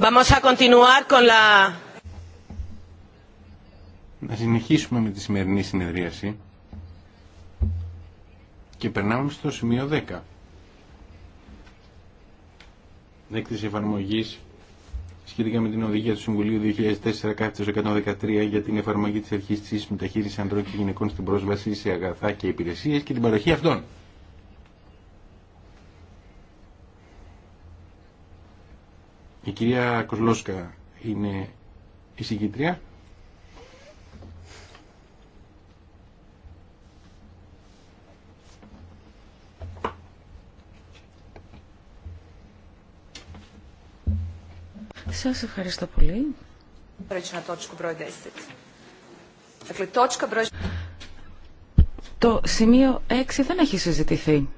Να συνεχίσουμε με τη σημερινή συνεδρίαση και περνάμε στο σημείο 10. Δέκτηση εφαρμογή σχετικά με την οδηγία του Συμβουλίου 2004-113 για την εφαρμογή τη αρχή τη μεταχείρισης ανδρών και γυναικών στην πρόσβαση σε αγαθά και υπηρεσίε και την παροχή αυτών. Η κυρία Κοσλόσκα είναι η συγκήτρια. Σας ευχαριστώ πολύ. Το σημείο 6 δεν έχει συζητηθεί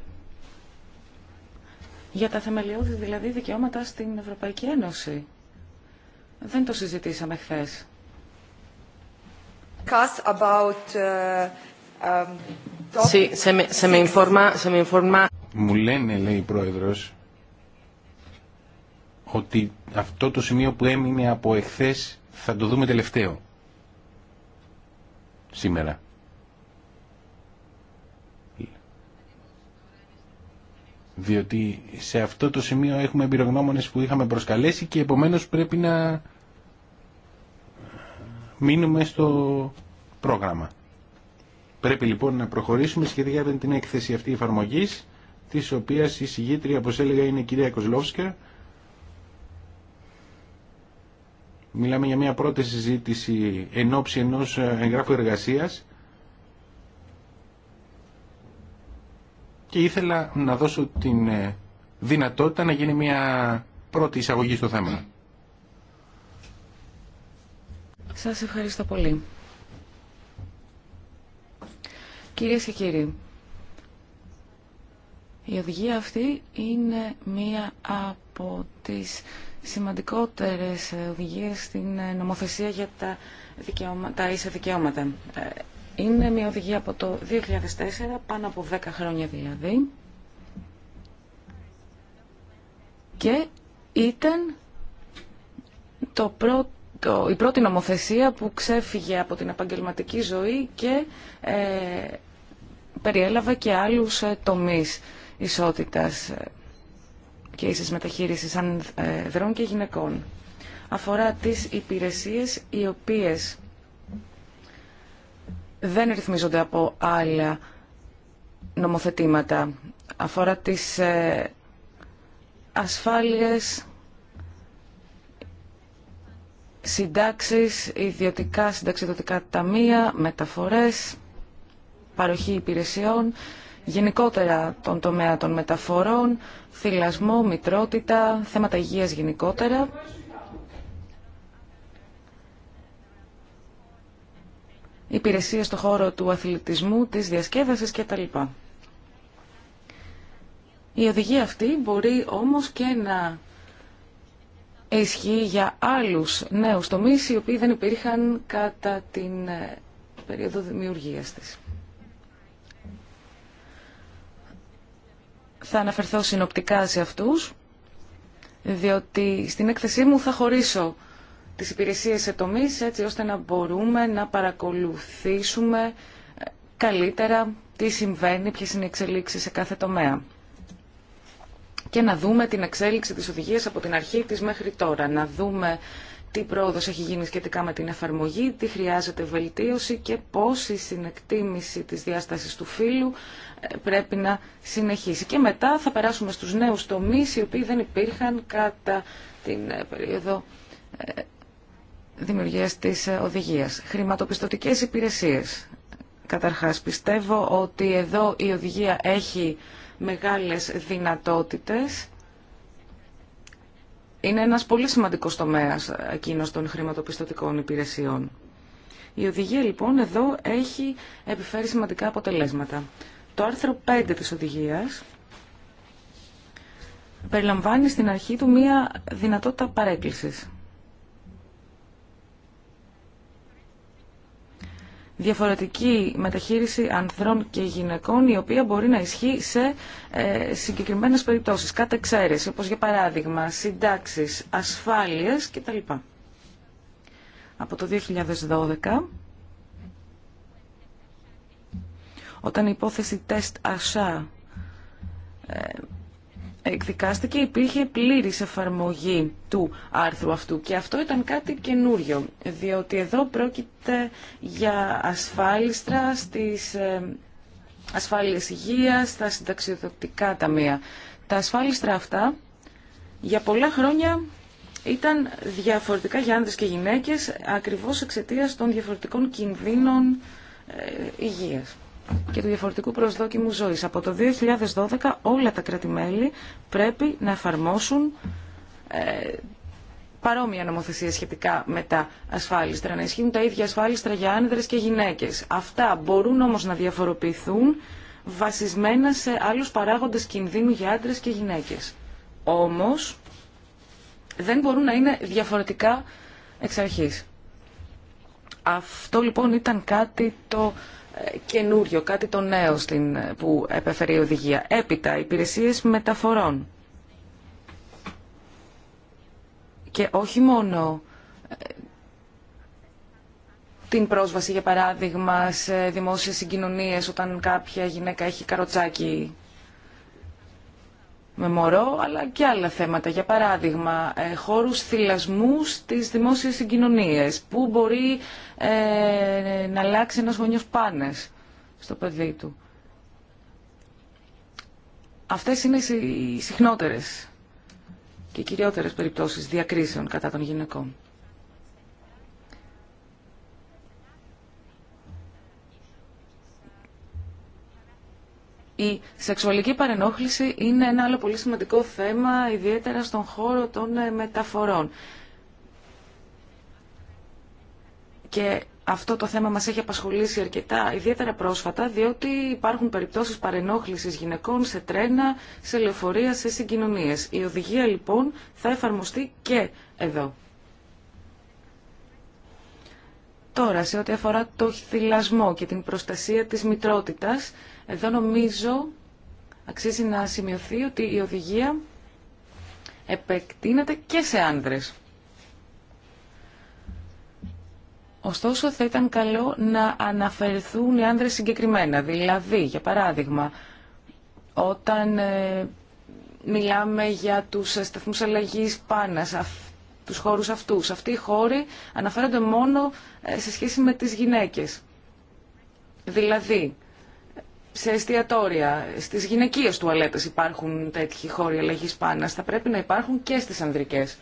για τα θεμελιώδη δηλαδή δικαιώματα στην Ευρωπαϊκή Ένωση. Δεν το συζητήσαμε χθε. Uh, um, Μου λένε, λέει η Πρόεδρος, ότι αυτό το σημείο που έμεινε από εχθές θα το δούμε τελευταίο σήμερα. διότι σε αυτό το σημείο έχουμε εμπειρογνώμονες που είχαμε προσκαλέσει και επομένως πρέπει να μείνουμε στο πρόγραμμα. Πρέπει λοιπόν να προχωρήσουμε σχετικά με την έκθεση αυτή εφαρμογής της οποίας η συγγήτρια, όπω έλεγα, είναι η κυρία Κοσλόφσκα. Μιλάμε για μια πρώτη συζήτηση εν ώψη ενό εγγράφου εργασίας και ήθελα να δώσω την ε, δυνατότητα να γίνει μια πρώτη εισαγωγή στο θέμα. Σας ευχαριστώ πολύ. Κυρίε και κύριοι, η οδηγία αυτή είναι μία από τις σημαντικότερες οδηγίες στην ε, νομοθεσία για τα, δικαιώμα... τα ίσα δικαιώματα. Ε, είναι μια οδηγία από το 2004, πάνω από 10 χρόνια δηλαδή. Και ήταν το πρώτο, η πρώτη νομοθεσία που ξέφυγε από την επαγγελματική ζωή και ε, περιέλαβε και άλλους ε, τομείς ισότητας ε, και ίσης μεταχείρισης ανδρών ε, και γυναικών. Αφορά τις υπηρεσίες οι οποίες δεν ρυθμίζονται από άλλα νομοθετήματα. Αφορά τις ε, ασφάλειες, συντάξεις, ιδιωτικά συνταξιδοτικά ταμεία, μεταφορές, παροχή υπηρεσιών, γενικότερα τον τομέα των μεταφορών, θυλασμό, μητρότητα, θέματα υγείας γενικότερα. υπηρεσίες στον χώρο του αθλητισμού, της διασκέδασης κτλ. Η οδηγία αυτή μπορεί όμως και να ισχύει για άλλους νέους τομείς οι οποίοι δεν υπήρχαν κατά την ε, περίοδο δημιουργίας της. Θα αναφερθώ συνοπτικά σε αυτούς, διότι στην έκθεσή μου θα χωρίσω τις υπηρεσίες σε τομείς, έτσι ώστε να μπορούμε να παρακολουθήσουμε καλύτερα τι συμβαίνει, ποιες είναι οι εξελίξεις σε κάθε τομέα. Και να δούμε την εξέλιξη της οδηγίας από την αρχή της μέχρι τώρα. Να δούμε τι πρόοδος έχει γίνει σχετικά με την εφαρμογή, τι χρειάζεται βελτίωση και πώς η συνεκτίμηση της διάστασης του φύλου ε, πρέπει να συνεχίσει. Και μετά θα περάσουμε στους νέους τομείς οι οποίοι δεν υπήρχαν κατά την ε, περίοδο ε, Δημιουργία τη ε, οδηγία. Χρηματοπιστωτικές υπηρεσίες. Καταρχάς, πιστεύω ότι εδώ η οδηγία έχει μεγάλες δυνατότητες. Είναι ένας πολύ σημαντικός τομέας εκείνος των χρηματοπιστωτικών υπηρεσιών. Η οδηγία λοιπόν εδώ έχει επιφέρει σημαντικά αποτελέσματα. Το άρθρο 5 της οδηγίας περιλαμβάνει στην αρχή του μία δυνατότητα παρέκκλησης. διαφορετική μεταχείριση ανδρών και γυναικών η οποία μπορεί να ισχύει σε ε, συγκεκριμένες περιπτώσεις, κατά εξαίρεση, όπως για παράδειγμα συντάξεις, ασφάλειες κτλ. Από το 2012, όταν η υπόθεση τεστ ΑΣΑ εκδικάστηκε υπήρχε πλήρης εφαρμογή του άρθρου αυτού και αυτό ήταν κάτι καινούριο, διότι εδώ πρόκειται για ασφάλιστρα στις ε, ασφάλειες υγείας, στα συνταξιοδοτικά ταμεία. Τα ασφάλιστρα αυτά για πολλά χρόνια ήταν διαφορετικά για άνδρες και γυναίκες ακριβώς εξαιτίας των διαφορετικών κινδύνων ε, υγείας και του διαφορετικού προσδόκιμου ζωή. Από το 2012 όλα τα κράτη-μέλη πρέπει να εφαρμόσουν ε, παρόμοια νομοθεσία σχετικά με τα ασφάλιστρα, να ισχύουν τα ίδια ασφάλιστρα για άνδρες και γυναίκες. Αυτά μπορούν όμως να διαφοροποιηθούν βασισμένα σε άλλους παράγοντες κινδύνου για άντρες και γυναίκες. Όμως δεν μπορούν να είναι διαφορετικά εξ αρχής. Αυτό λοιπόν ήταν κάτι το καινούριο, κάτι το νέο στην, που επέφερε η οδηγία. Έπειτα, υπηρεσίες μεταφορών. Και όχι μόνο ε, την πρόσβαση, για παράδειγμα, σε δημόσιες συγκοινωνίες όταν κάποια γυναίκα έχει καροτσάκι με μωρό, αλλά και άλλα θέματα. Για παράδειγμα, ε, χώρους θυλασμού στις δημόσιες συγκοινωνίες, που μπορεί ε, να αλλάξει ένας γονιός πάνες στο παιδί του. Αυτές είναι οι συχνότερες και κυριότερες περιπτώσεις διακρίσεων κατά των γυναικών. Η σεξουαλική παρενόχληση είναι ένα άλλο πολύ σημαντικό θέμα, ιδιαίτερα στον χώρο των ε, μεταφορών. Και αυτό το θέμα μας έχει απασχολήσει αρκετά, ιδιαίτερα πρόσφατα, διότι υπάρχουν περιπτώσεις παρενόχλησης γυναικών σε τρένα, σε λεωφορεία, σε συγκοινωνίες. Η οδηγία λοιπόν θα εφαρμοστεί και εδώ. Τώρα, σε ό,τι αφορά το θυλασμό και την προστασία της μητρότητας, εδώ νομίζω αξίζει να σημειωθεί ότι η οδηγία επεκτείνεται και σε άνδρες. Ωστόσο, θα ήταν καλό να αναφερθούν οι άνδρες συγκεκριμένα. Δηλαδή, για παράδειγμα, όταν ε, μιλάμε για τους σταθμούς αλλαγής πάνας, αυ, τους χώρους αυτούς, αυτοί οι χώροι αναφέρονται μόνο ε, σε σχέση με τις γυναίκες. Δηλαδή, σε εστιατόρια, στις γυναικείες τουαλέτες υπάρχουν τέτοιοι χώροι αλλαγή πάνω Θα πρέπει να υπάρχουν και στις ανδρικές.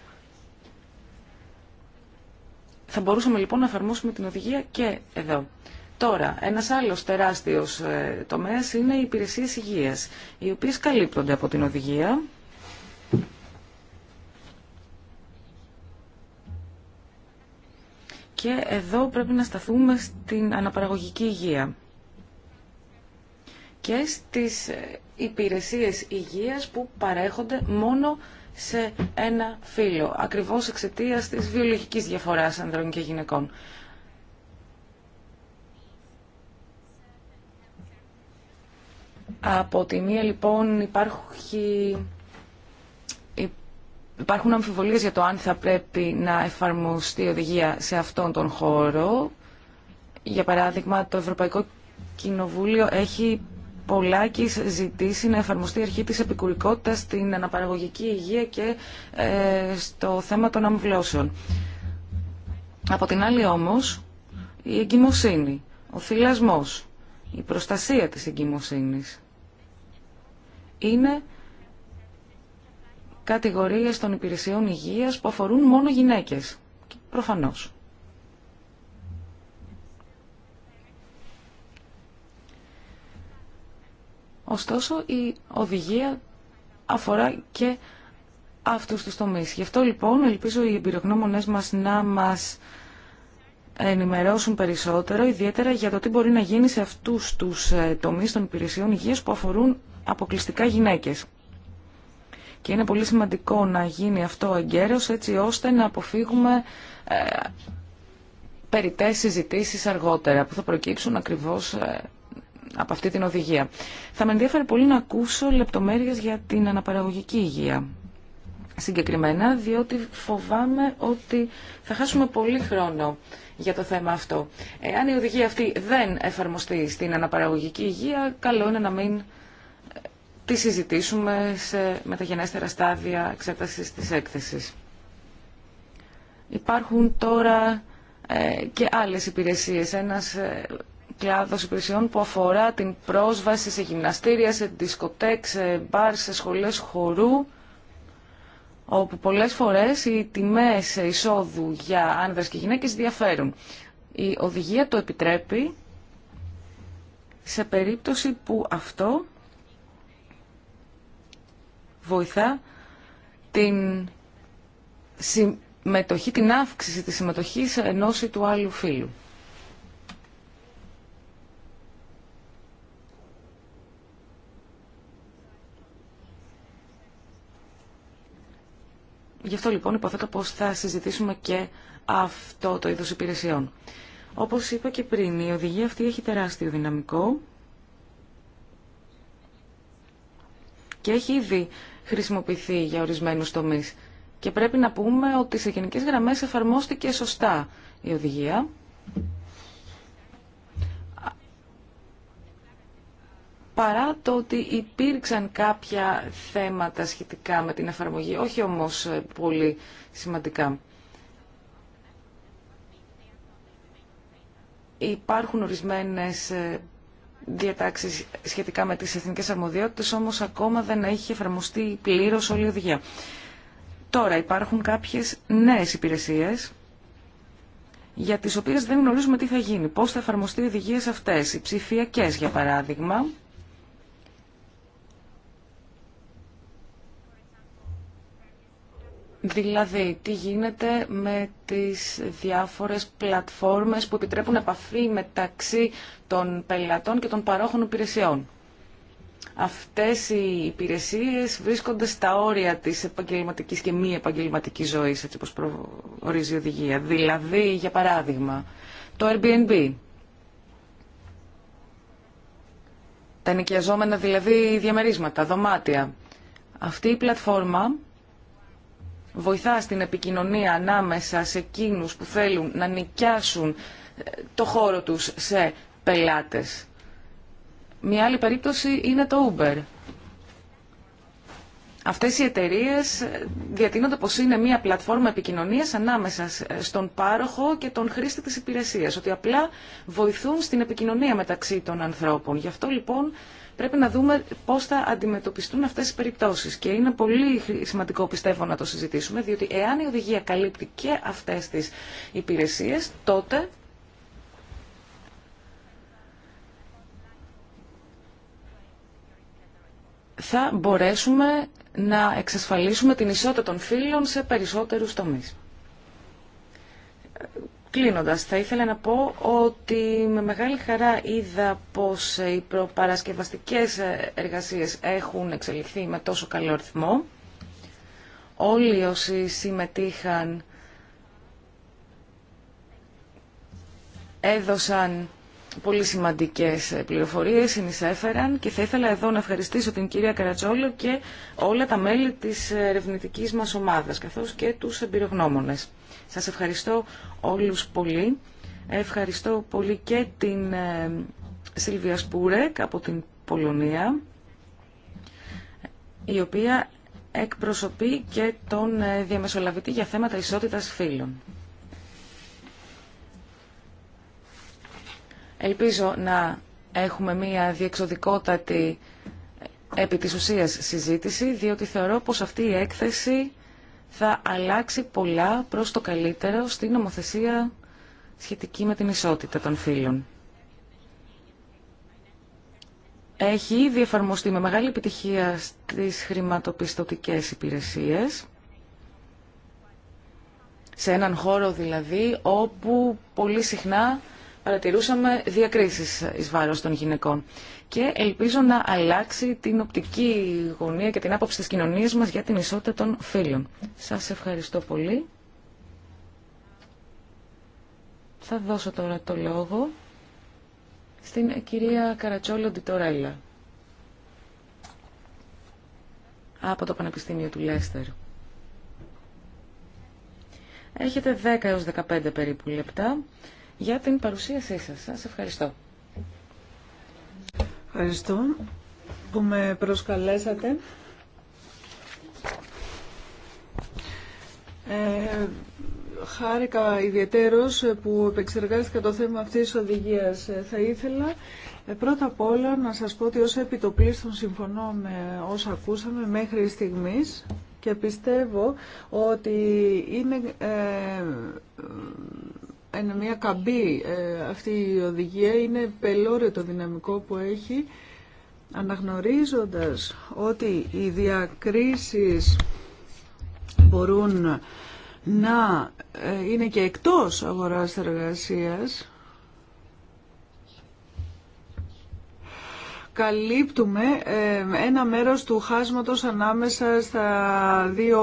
Θα μπορούσαμε λοιπόν να εφαρμόσουμε την οδηγία και εδώ. Τώρα, ένας άλλος τεράστιος ε, τομέας είναι οι υπηρεσίες υγείας, οι οποίες καλύπτονται από την οδηγία. Και εδώ πρέπει να σταθούμε στην αναπαραγωγική υγεία και στις υπηρεσίες υγείας που παρέχονται μόνο σε ένα φύλλο, ακριβώς εξαιτία της βιολογικής διαφοράς ανδρών και γυναικών. Από τη μία λοιπόν υπάρχει... υπάρχουν αμφιβολίες για το αν θα πρέπει να εφαρμοστεί η οδηγία σε αυτόν τον χώρο. Για παράδειγμα, το Ευρωπαϊκό Κοινοβούλιο έχει Πολάκης ζητήσει να εφαρμοστεί η αρχή της επικουρικότητας στην αναπαραγωγική υγεία και ε, στο θέμα των αμβλώσεων. Από την άλλη όμως, η εγκυμοσύνη, ο θυλασμός, η προστασία της εγκυμοσύνης είναι κατηγορίες των υπηρεσιών υγείας που αφορούν μόνο γυναίκες. Προφανώς. Ωστόσο, η οδηγία αφορά και αυτούς τους τομείς. Γι' αυτό λοιπόν ελπίζω οι εμπειρογνώμονε μας να μας ενημερώσουν περισσότερο, ιδιαίτερα για το τι μπορεί να γίνει σε αυτούς τους ε, τομείς των υπηρεσιών υγείας που αφορούν αποκλειστικά γυναίκες. Και είναι πολύ σημαντικό να γίνει αυτό εγκαίρως έτσι ώστε να αποφύγουμε ε, περιττές συζητήσεις αργότερα που θα προκύψουν ακριβώς ε, από αυτή την οδηγία. Θα με ενδιαφέρει πολύ να ακούσω λεπτομέρειες για την αναπαραγωγική υγεία συγκεκριμένα, διότι φοβάμαι ότι θα χάσουμε πολύ χρόνο για το θέμα αυτό. Εάν η οδηγία αυτή δεν εφαρμοστεί στην αναπαραγωγική υγεία, καλό είναι να μην ε, τη συζητήσουμε σε μεταγενέστερα στάδια εξέτασης της έκθεσης. Υπάρχουν τώρα ε, και άλλες υπηρεσίες. Ένας ε, κλάδος υπηρεσιών που αφορά την πρόσβαση σε γυμναστήρια, σε δισκοτέκ, σε μπαρ, σε σχολές χορού, όπου πολλές φορές οι τιμές εισόδου για άνδρες και γυναίκες διαφέρουν. Η οδηγία το επιτρέπει σε περίπτωση που αυτό βοηθά την συμμετοχή, την αύξηση της συμμετοχής ενός ή του άλλου φίλου. Γι' αυτό λοιπόν υποθέτω πως θα συζητήσουμε και αυτό το είδος υπηρεσιών. Όπως είπα και πριν, η οδηγία αυτή έχει τεράστιο δυναμικό και έχει ήδη χρησιμοποιηθεί για ορισμένους τομείς. Και πρέπει να πούμε ότι σε γενικές γραμμές εφαρμόστηκε σωστά η οδηγία. παρά το ότι υπήρξαν κάποια θέματα σχετικά με την εφαρμογή, όχι όμως ε, πολύ σημαντικά. Υπάρχουν ορισμένες ε, διατάξεις σχετικά με τις εθνικές αρμοδιότητες, όμως ακόμα δεν έχει εφαρμοστεί πλήρως όλη η οδηγία. Τώρα υπάρχουν κάποιες νέες υπηρεσίες για τις οποίες δεν γνωρίζουμε τι θα γίνει, πώς θα εφαρμοστεί οι οδηγίες αυτές, οι ψηφιακές για παράδειγμα, Δηλαδή, τι γίνεται με τις διάφορες πλατφόρμες που επιτρέπουν επαφή μεταξύ των πελατών και των παρόχων υπηρεσιών. Αυτές οι υπηρεσίες βρίσκονται στα όρια της επαγγελματικής και μη επαγγελματικής ζωής, έτσι όπως προορίζει η οδηγία. Δηλαδή, για παράδειγμα, το Airbnb. Τα νοικιαζόμενα δηλαδή διαμερίσματα, δωμάτια. Αυτή η πλατφόρμα βοηθά στην επικοινωνία ανάμεσα σε εκείνους που θέλουν να νοικιάσουν ε, το χώρο τους σε πελάτες. Μια άλλη περίπτωση είναι το Uber. Αυτές οι εταιρείες ε, διατείνονται πως είναι μια πλατφόρμα επικοινωνίας ανάμεσα ε, στον πάροχο και τον χρήστη της υπηρεσίας, ότι απλά βοηθούν στην επικοινωνία μεταξύ των ανθρώπων. Γι' αυτό λοιπόν πρέπει να δούμε πώς θα αντιμετωπιστούν αυτές οι περιπτώσεις. Και είναι πολύ σημαντικό πιστεύω να το συζητήσουμε, διότι εάν η οδηγία καλύπτει και αυτές τις υπηρεσίες, τότε θα μπορέσουμε να εξασφαλίσουμε την ισότητα των φύλων σε περισσότερους τομείς. Κλείνοντας, θα ήθελα να πω ότι με μεγάλη χαρά είδα πως οι προπαρασκευαστικές εργασίες έχουν εξελιχθεί με τόσο καλό ρυθμό. Όλοι όσοι συμμετείχαν έδωσαν πολύ σημαντικές πληροφορίες, συνεισέφεραν και θα ήθελα εδώ να ευχαριστήσω την κυρία Καρατσόλο και όλα τα μέλη της ερευνητική μας ομάδας, καθώς και τους εμπειρογνώμονες. Σας ευχαριστώ όλους πολύ. Ευχαριστώ πολύ και την ε, Σιλβία Σπούρεκ από την Πολωνία, η οποία εκπροσωπεί και τον ε, διαμεσολαβητή για θέματα ισότητας φύλων. Ελπίζω να έχουμε μία διεξοδικότατη ε, επί της ουσίας συζήτηση, διότι θεωρώ πως αυτή η έκθεση θα αλλάξει πολλά προς το καλύτερο στην νομοθεσία σχετική με την ισότητα των φύλων. Έχει ήδη εφαρμοστεί με μεγάλη επιτυχία στις χρηματοπιστωτικές υπηρεσίες, σε έναν χώρο δηλαδή όπου πολύ συχνά παρατηρούσαμε διακρίσει ει βάρο των γυναικών. Και ελπίζω να αλλάξει την οπτική γωνία και την άποψη τη κοινωνία μα για την ισότητα των φίλων. Σας ευχαριστώ πολύ. Θα δώσω τώρα το λόγο στην κυρία Καρατσόλο Ντιτορέλα από το Πανεπιστήμιο του Λέστερ. Έχετε 10 έως 15 περίπου λεπτά για την παρουσίασή σας. Σας ευχαριστώ. Ευχαριστώ που με προσκαλέσατε. Ε, χάρηκα ιδιαιτέρως που επεξεργάστηκα το θέμα αυτής της οδηγίας. Ε, θα ήθελα ε, πρώτα απ' όλα να σας πω ότι ως επιτοπλίστων συμφωνώ με όσα ακούσαμε μέχρι στιγμής και πιστεύω ότι είναι ε, είναι μια καμπή ε, αυτή η οδηγία είναι πελώριο το δυναμικό που έχει αναγνωρίζοντας ότι οι διακρίσεις μπορούν να ε, είναι και εκτός αγοράς εργασίας καλύπτουμε ε, ένα μέρος του χάσματος ανάμεσα στα δύο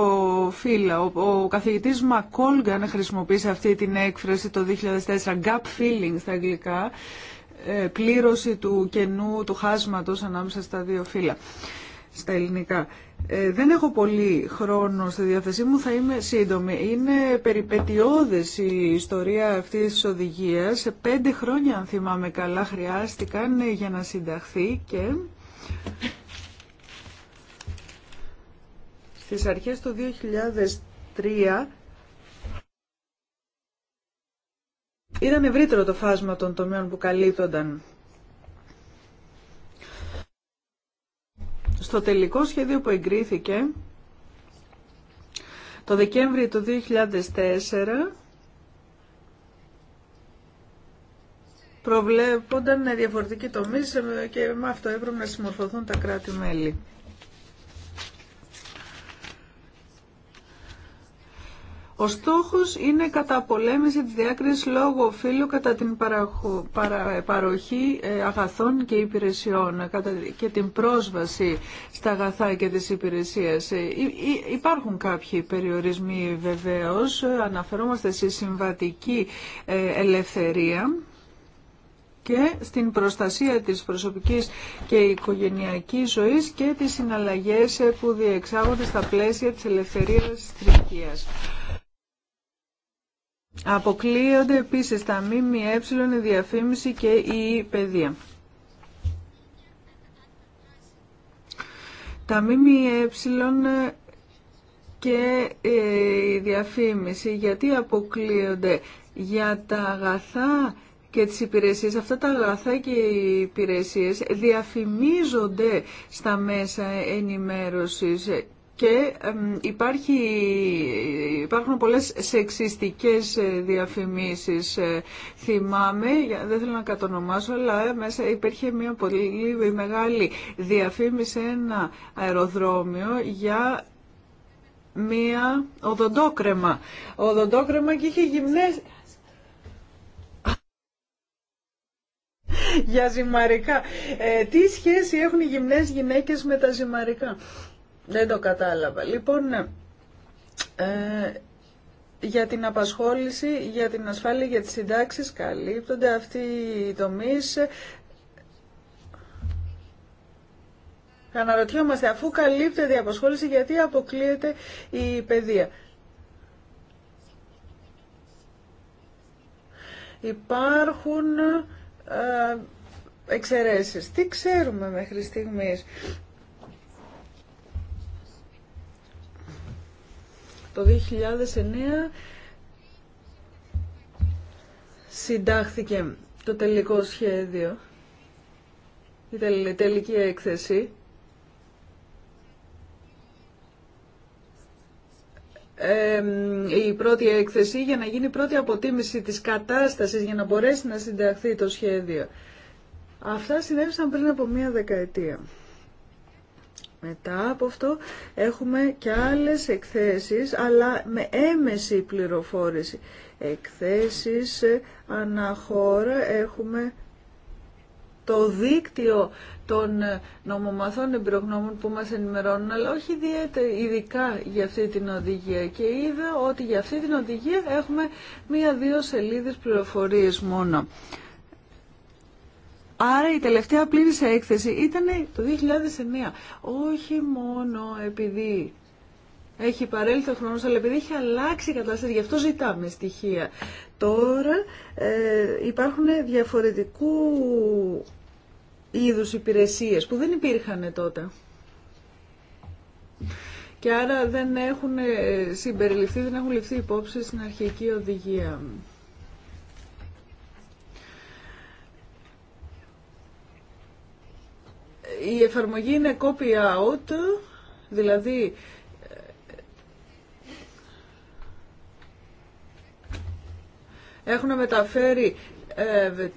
φύλλα. Ο, καθηγητής Μακόλγκαν χρησιμοποίησε αυτή την έκφραση το 2004, gap filling στα αγγλικά, ε, πλήρωση του κενού, του χάσματος ανάμεσα στα δύο φύλλα στα ελληνικά. Ε, δεν έχω πολύ χρόνο στη διάθεσή μου, θα είμαι σύντομη. Είναι περιπετειώδες η ιστορία αυτής της οδηγίας. Σε πέντε χρόνια, αν θυμάμαι καλά, χρειάστηκαν για να συνταχθεί και... Στις αρχές του 2003 ήταν ευρύτερο το φάσμα των τομέων που καλύπτονταν Στο τελικό σχέδιο που εγκρίθηκε το Δεκέμβριο του 2004 προβλέπονταν διαφορετικοί τομείς ε, και με αυτό έπρεπε να συμμορφωθούν τα κράτη-μέλη. Ο στόχος είναι κατά πολέμηση της διάκρισης λόγω φύλου κατά την παροχή ε, αγαθών και υπηρεσιών και την πρόσβαση στα αγαθά και τις υπηρεσίες. Ε, υπάρχουν κάποιοι περιορισμοί βεβαίως, αναφερόμαστε στη συμβατική ε, ελευθερία και στην προστασία της προσωπικής και οικογενειακής ζωής και τις συναλλαγές που διεξάγονται στα πλαίσια της ελευθερίας της Αποκλείονται επίσης τα ΜΜΕ, η διαφήμιση και η παιδεία. Τα Ε και η διαφήμιση γιατί αποκλείονται για τα αγαθά και τις υπηρεσίες. Αυτά τα αγαθά και οι υπηρεσίες διαφημίζονται στα μέσα ενημέρωσης και υπάρχει, υπάρχουν πολλές σεξιστικές ε, διαφημίσεις. Ε, θυμάμαι, δεν θέλω να κατονομάσω, αλλά μέσα υπήρχε μια πολύ μεγάλη διαφήμιση ένα αεροδρόμιο για μία οδοντόκρεμα. Οδοντόκρεμα και είχε γυμνές... για ζυμαρικά. Ε, τι σχέση έχουν οι γυμνές γυναίκες με τα ζυμαρικά. Δεν το κατάλαβα. Λοιπόν, ε, για την απασχόληση, για την ασφάλεια, για τις συντάξεις καλύπτονται αυτοί οι τομείς. Αναρωτιόμαστε, αφού καλύπτεται η απασχόληση, γιατί αποκλείεται η παιδεία. Υπάρχουν ε, εξαιρέσεις. Τι ξέρουμε μέχρι στιγμής. Το 2009 συντάχθηκε το τελικό σχέδιο, η τελική έκθεση. Ε, η πρώτη έκθεση για να γίνει η πρώτη αποτίμηση της κατάστασης για να μπορέσει να συνταχθεί το σχέδιο. Αυτά συνέβησαν πριν από μία δεκαετία. Μετά από αυτό έχουμε και άλλες εκθέσεις, αλλά με έμεση πληροφόρηση. Εκθέσεις ε, αναχώρα έχουμε το δίκτυο των ε, νομομαθών εμπειρογνώμων που μας ενημερώνουν, αλλά όχι ιδιαίτερα ειδικά για αυτή την οδηγία. Και είδα ότι για αυτή την οδηγία έχουμε μία-δύο σελίδες πληροφορίες μόνο. Άρα η τελευταία πλήρης έκθεση ήταν το 2009. Όχι μόνο επειδή έχει παρέλθει ο χρόνος, αλλά επειδή έχει αλλάξει η κατάσταση, γι' αυτό ζητάμε στοιχεία. Τώρα ε, υπάρχουν διαφορετικού είδους υπηρεσίες που δεν υπήρχαν τότε. Και άρα δεν έχουν ε, συμπεριληφθεί, δεν έχουν ληφθεί υπόψη στην αρχική οδηγία. η εφαρμογή είναι copy-out, δηλαδή έχουν μεταφέρει ε,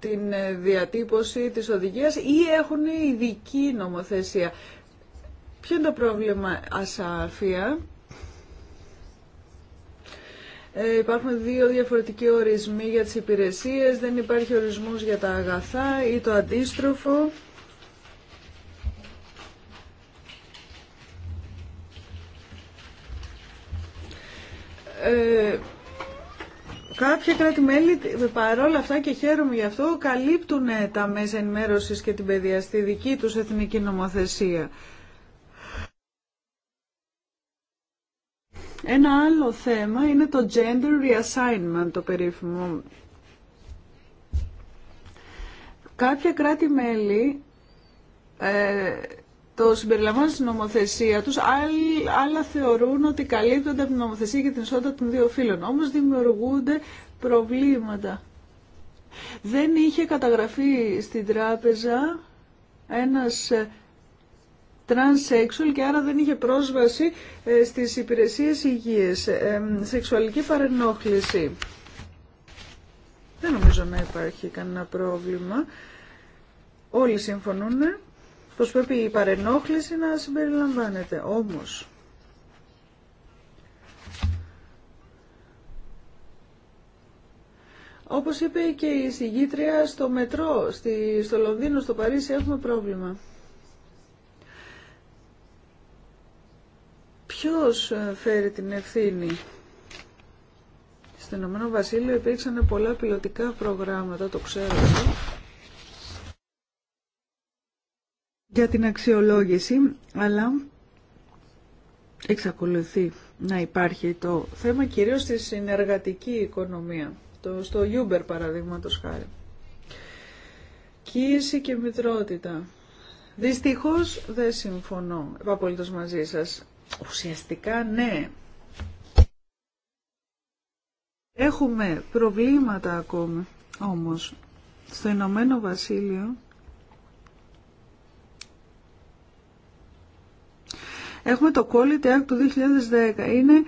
την ε, διατύπωση της οδηγίας ή έχουν ειδική νομοθεσία. Ποιο είναι το πρόβλημα ασαρφία. Ε, υπάρχουν δύο διαφορετικοί ορισμοί για τις υπηρεσίες, δεν υπάρχει ορισμός για τα αγαθά ή το αντίστροφο. Ε, κάποια κράτη-μέλη παρόλα αυτά και χαίρομαι γι' αυτό καλύπτουν ε, τα μέσα ενημέρωσης και την παιδεία στη δική τους εθνική νομοθεσία. Ένα άλλο θέμα είναι το gender reassignment, το περίφημο. Κάποια κράτη-μέλη ε, το συμπεριλαμβάνει στην νομοθεσία του, άλλα θεωρούν ότι καλύπτονται από την νομοθεσία για την ισότητα των δύο φίλων. Όμω δημιουργούνται προβλήματα. Δεν είχε καταγραφεί στην τράπεζα ένας τρανσεξουλ και άρα δεν είχε πρόσβαση ε, στις υπηρεσίες υγείας. Ε, ε, σεξουαλική παρενόχληση. Δεν νομίζω να υπάρχει κανένα πρόβλημα. Όλοι συμφωνούν πως πρέπει η παρενόχληση να συμπεριλαμβάνεται. Όμως, όπως είπε και η συγγήτρια στο μετρό, στη, στο Λονδίνο, στο Παρίσι έχουμε πρόβλημα. Ποιος ε, φέρει την ευθύνη στον Ηνωμένο Βασίλειο υπήρξαν πολλά πιλωτικά προγράμματα, το ξέρω για την αξιολόγηση, αλλά εξακολουθεί να υπάρχει το θέμα κυρίως στη συνεργατική οικονομία, το, στο Uber παραδείγματος χάρη. Κοίηση και μητρότητα. Δυστυχώς δεν συμφωνώ απολύτως μαζί σας. Ουσιαστικά ναι. Έχουμε προβλήματα ακόμη όμως. Στο Ηνωμένο Βασίλειο Έχουμε το Quality Act του 2010. Είναι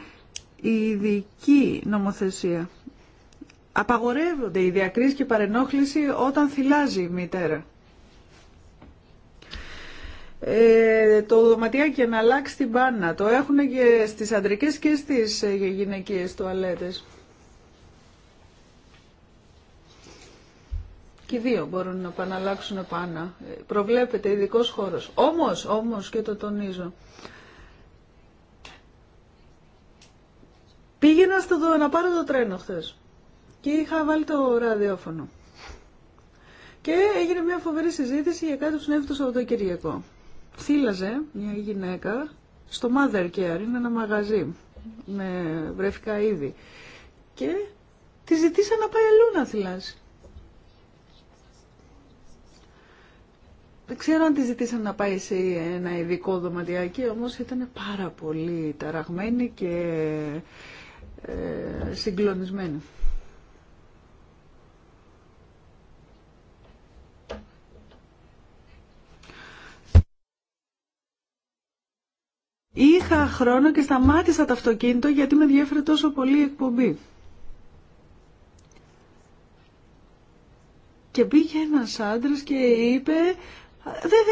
η ειδική νομοθεσία. Απαγορεύονται οι διακρίσεις και παρενόχληση όταν θυλάζει η μητέρα. Ε, το δωματιάκι να αλλάξει την μπάνα. Το έχουν και στις αντρικές και στις ε, γυναικείες τουαλέτες. Και οι δύο μπορούν να επαναλλάξουν πάνω. Ε, προβλέπεται ειδικό χώρος. Όμως, όμως και το τονίζω, Πήγαινα στο δω, να πάρω το τρένο χθε. και είχα βάλει το ραδιόφωνο. Και έγινε μια φοβερή συζήτηση για κάτι που συνέβη το Σαββατοκυριακό. Θύλαζε μια γυναίκα στο Mother Care, είναι ένα μαγαζί με βρέφικα είδη. Και τη ζητήσα να πάει αλλού να θυλάζει. Δεν ξέρω αν τη ζητήσαν να πάει σε ένα ειδικό δωματιάκι, όμως ήταν πάρα πολύ ταραγμένη και ε, συγκλονισμένη. Είχα χρόνο και σταμάτησα το αυτοκίνητο γιατί με διέφερε τόσο πολύ η εκπομπή. Και πήγε ένας άντρα και είπε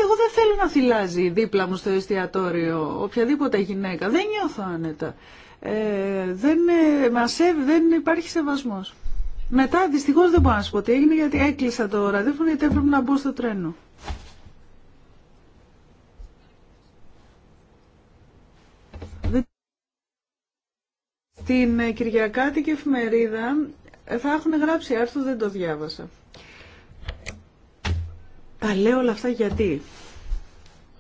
εγώ δεν θέλω να θυλάζει δίπλα μου στο εστιατόριο οποιαδήποτε γυναίκα. Δεν νιώθω άνετα. Ε, δεν, ε, μας, δεν υπάρχει σεβασμός. Μετά δυστυχώς δεν μπορώ να σου πω τι έγινε γιατί έκλεισα το ραδιόφωνο γιατί έπρεπε να μπω στο τρένο. Την ε, Κυριακάτικη εφημερίδα θα έχουν γράψει άρθρο, δεν το διάβασα. Τα λέω όλα αυτά γιατί.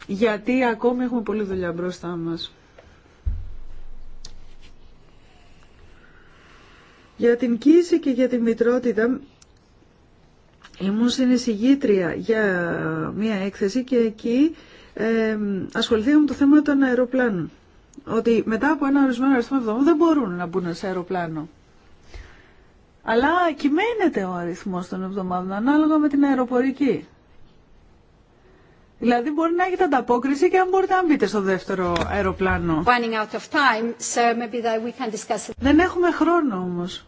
Γιατί ακόμη έχουμε πολλή δουλειά μπροστά μας. Για την κοίηση και για τη μητρότητα ήμουν συνεισηγήτρια για μία έκθεση και εκεί ε, ασχοληθήκαμε με το θέμα των αεροπλάνων. Ότι μετά από ένα ορισμένο αριθμό εβδομάδων δεν μπορούν να μπουν σε αεροπλάνο. Αλλά κυμαίνεται ο αριθμός των εβδομάδων ανάλογα με την αεροπορική. Δηλαδή μπορεί να έχετε ανταπόκριση και αν μπορείτε να μπείτε στο δεύτερο αεροπλάνο. time, so that Δεν έχουμε χρόνο όμως.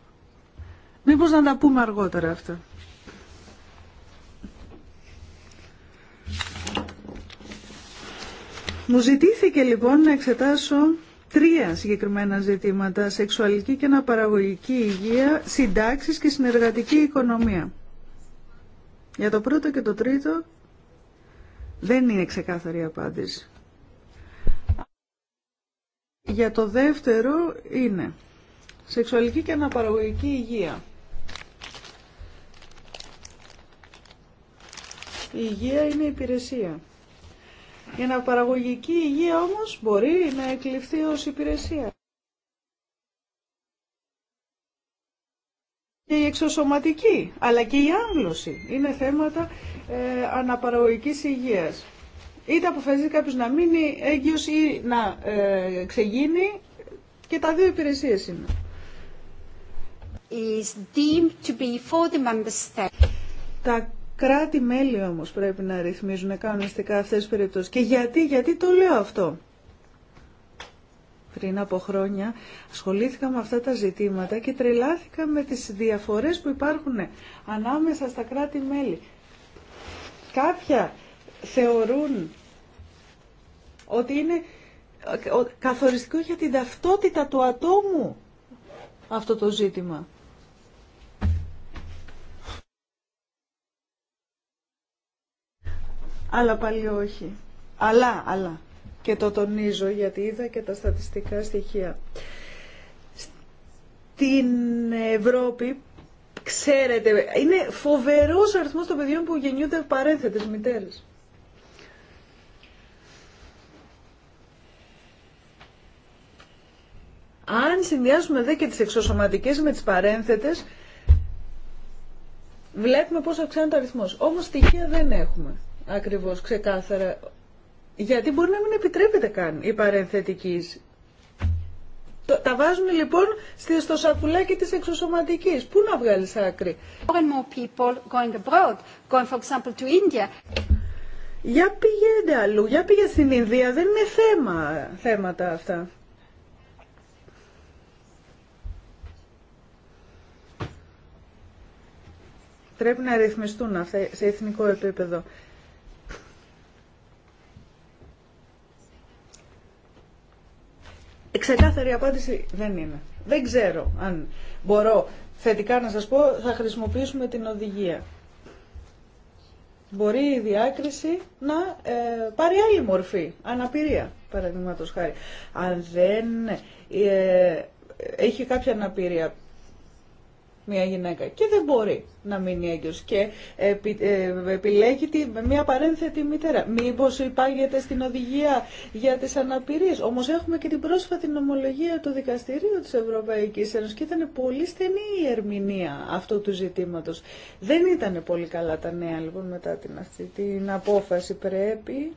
Μήπως να τα πούμε αργότερα αυτά. Μου ζητήθηκε λοιπόν να εξετάσω τρία συγκεκριμένα ζητήματα, σεξουαλική και αναπαραγωγική υγεία, συντάξεις και συνεργατική οικονομία. Για το πρώτο και το τρίτο δεν είναι ξεκάθαρη απάντηση. Για το δεύτερο είναι σεξουαλική και αναπαραγωγική υγεία. Η υγεία είναι υπηρεσία. Η αναπαραγωγική υγεία όμως μπορεί να εκλειφθεί ως υπηρεσία. Και η εξωσωματική, αλλά και η άμβλωση είναι θέματα ε, αναπαραγωγικής υγείας. Είτε αποφασίζει κάποιος να μείνει έγκυος ή να ε, ξεγίνει και τα δύο υπηρεσίες είναι κράτη-μέλη όμως πρέπει να ρυθμίζουν κανονιστικά αυτές τις περιπτώσεις. Και γιατί, γιατί το λέω αυτό. Πριν από χρόνια ασχολήθηκα με αυτά τα ζητήματα και τρελάθηκα με τις διαφορές που υπάρχουν ανάμεσα στα κράτη-μέλη. Κάποια θεωρούν ότι είναι καθοριστικό για την ταυτότητα του ατόμου αυτό το ζήτημα. αλλά πάλι όχι. Αλλά, αλλά. Και το τονίζω γιατί είδα και τα στατιστικά στοιχεία. Στην Ευρώπη, ξέρετε, είναι φοβερός ο αριθμός των παιδιών που γεννιούνται παρένθετες μητέρες. Αν συνδυάσουμε δε και τις εξωσωματικές με τις παρένθετες, βλέπουμε πώς αυξάνεται ο αριθμός. Όμως στοιχεία δεν έχουμε ακριβώς ξεκάθαρα. Γιατί μπορεί να μην επιτρέπεται καν η παρενθετική. Τα βάζουν λοιπόν στο σακουλάκι της εξωσωματικής. Πού να βγάλεις άκρη. Για πηγαίνετε αλλού, για πήγε στην Ινδία, δεν είναι θέμα, θέματα αυτά. Πρέπει να ρυθμιστούν αυτά σε εθνικό επίπεδο. Ξεκάθαρη απάντηση δεν είναι. Δεν ξέρω αν μπορώ θετικά να σας πω, θα χρησιμοποιήσουμε την οδηγία. Μπορεί η διάκριση να ε, πάρει άλλη μορφή, αναπηρία, παραδείγματος χάρη. Αν δεν ε, έχει κάποια αναπηρία μια γυναίκα και δεν μπορεί να μείνει έγκυος και επι, ε, επιλέγει τη, μια παρένθετη μητέρα. Μήπως υπάγεται στην οδηγία για τις αναπηρίες. Όμως έχουμε και την πρόσφατη νομολογία του Δικαστηρίου της Ευρωπαϊκής Ένωσης και ήταν πολύ στενή η ερμηνεία αυτού του ζητήματος. Δεν ήταν πολύ καλά τα νέα λοιπόν μετά την, αυτή, την απόφαση πρέπει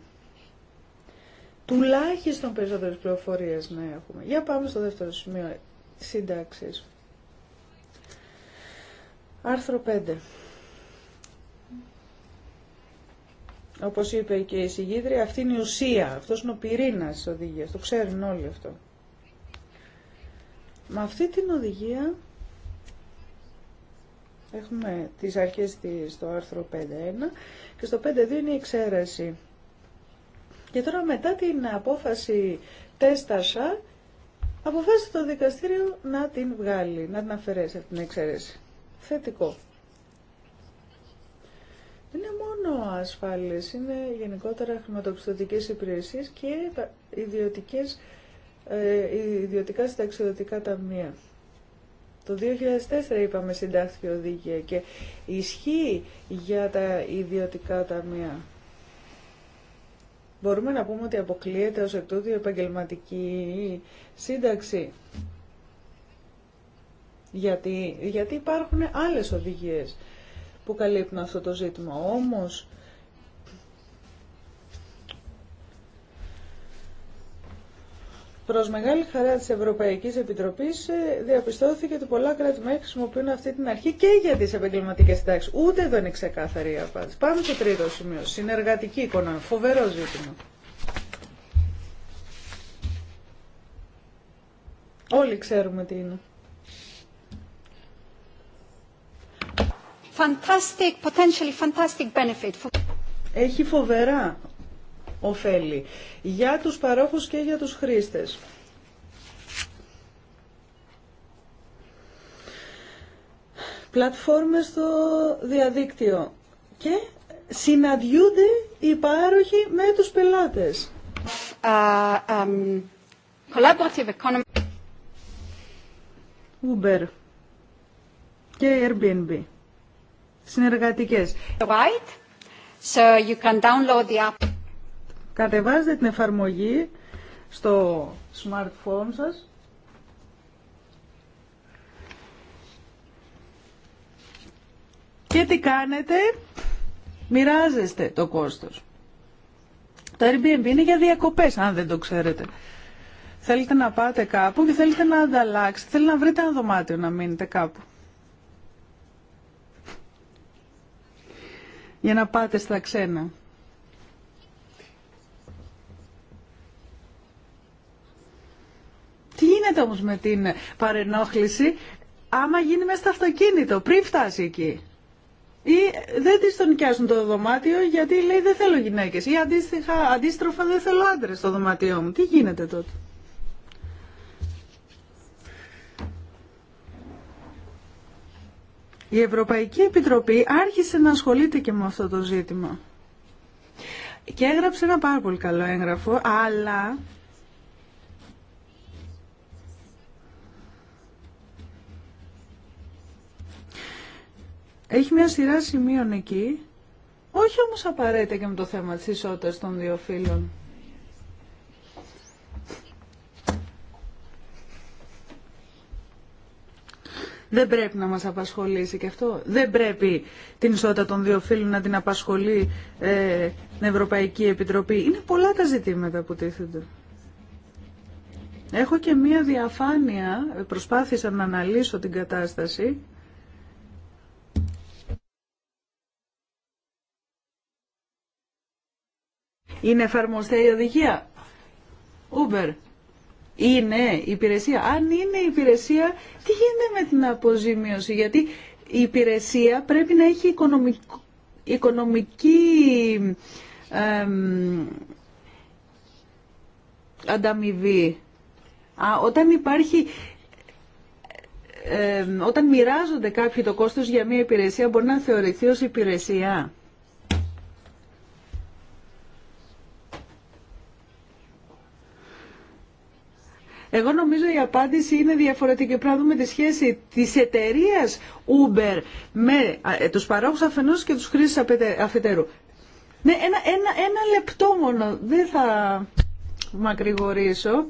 τουλάχιστον περισσότερες πληροφορίες να έχουμε. Για πάμε στο δεύτερο σημείο σύνταξης. Άρθρο 5. Όπως είπε και η συγγύτρια, αυτή είναι η ουσία, αυτός είναι ο πυρήνας της οδηγίας, το ξέρουν όλοι αυτό. Με αυτή την οδηγία έχουμε τις αρχές στο άρθρο 5.1 και στο 5.2 είναι η εξαίρεση. Και τώρα μετά την απόφαση τέστασα, αποφάσισε το δικαστήριο να την βγάλει, να την αφαιρέσει από την εξαίρεση θετικό. Δεν είναι μόνο ασφάλειες, είναι γενικότερα χρηματοπιστωτικές υπηρεσίες και ιδιωτικές, ε, ιδιωτικά συνταξιδοτικά ταμεία. Το 2004 είπαμε συντάχθηκε οδηγία και ισχύει για τα ιδιωτικά ταμεία. Μπορούμε να πούμε ότι αποκλείεται ως εκ τούτου επαγγελματική σύνταξη. Γιατί, γιατί υπάρχουν άλλες οδηγίες που καλύπτουν αυτό το ζήτημα. Όμως, Προς μεγάλη χαρά της Ευρωπαϊκής Επιτροπής ε, διαπιστώθηκε ότι πολλά κράτη-μέλη χρησιμοποιούν αυτή την αρχή και για τις επαγγελματικές τάξεις. Ούτε εδώ είναι ξεκάθαρη η απάντηση. Πάμε στο τρίτο σημείο. Συνεργατική εικόνα. Φοβερό ζήτημα. Όλοι ξέρουμε τι είναι. Έχει φοβερά ωφέλη για τους παρόχους και για τους χρήστες. Πλατφόρμες στο διαδίκτυο και συναντιούνται οι πάροχοι με τους πελάτες. Uh, um, Uber και Airbnb συνεργατικές. Κατεβάζετε την εφαρμογή στο smartphone σας. Και τι κάνετε, μοιράζεστε το κόστος. Το Airbnb είναι για διακοπές, αν δεν το ξέρετε. Θέλετε να πάτε κάπου και θέλετε να ανταλλάξετε, θέλετε να βρείτε ένα δωμάτιο να μείνετε κάπου. για να πάτε στα ξένα. Τι γίνεται όμως με την παρενόχληση άμα γίνει μέσα στο αυτοκίνητο, πριν φτάσει εκεί. Ή δεν τη τον το δωμάτιο γιατί λέει δεν θέλω γυναίκες. Ή αντίστοιχα, αντίστροφα δεν θέλω άντρες στο δωμάτιό μου. Τι γίνεται τότε. η Ευρωπαϊκή Επιτροπή άρχισε να ασχολείται και με αυτό το ζήτημα. Και έγραψε ένα πάρα πολύ καλό έγγραφο, αλλά Έχει μια σειρά σημείων εκεί, όχι όμως απαραίτητα και με το θέμα της ισότητας των δύο φύλων. δεν πρέπει να μας απασχολήσει και αυτό. Δεν πρέπει την ισότητα των δύο φίλων να την απασχολεί ε, την Ευρωπαϊκή Επιτροπή. Είναι πολλά τα ζητήματα που τίθενται. Έχω και μία διαφάνεια, προσπάθησα να αναλύσω την κατάσταση. Είναι εφαρμοστεί η οδηγία. Uber είναι υπηρεσία. Αν είναι υπηρεσία, τι γίνεται με την αποζημίωση, γιατί η υπηρεσία πρέπει να έχει οικονομική εμ, ανταμοιβή. όταν υπάρχει όταν μοιράζονται κάποιοι το κόστος για μια υπηρεσία, μπορεί να θεωρηθεί ως υπηρεσία. Εγώ νομίζω η απάντηση είναι διαφορετική. Πρέπει να δούμε τη σχέση της εταιρεία Uber με ε, τους παρόχους αφενός και τους χρήστες αφετέρου. Ναι, ένα, ένα, ένα λεπτό μόνο, δεν θα μακρηγορήσω.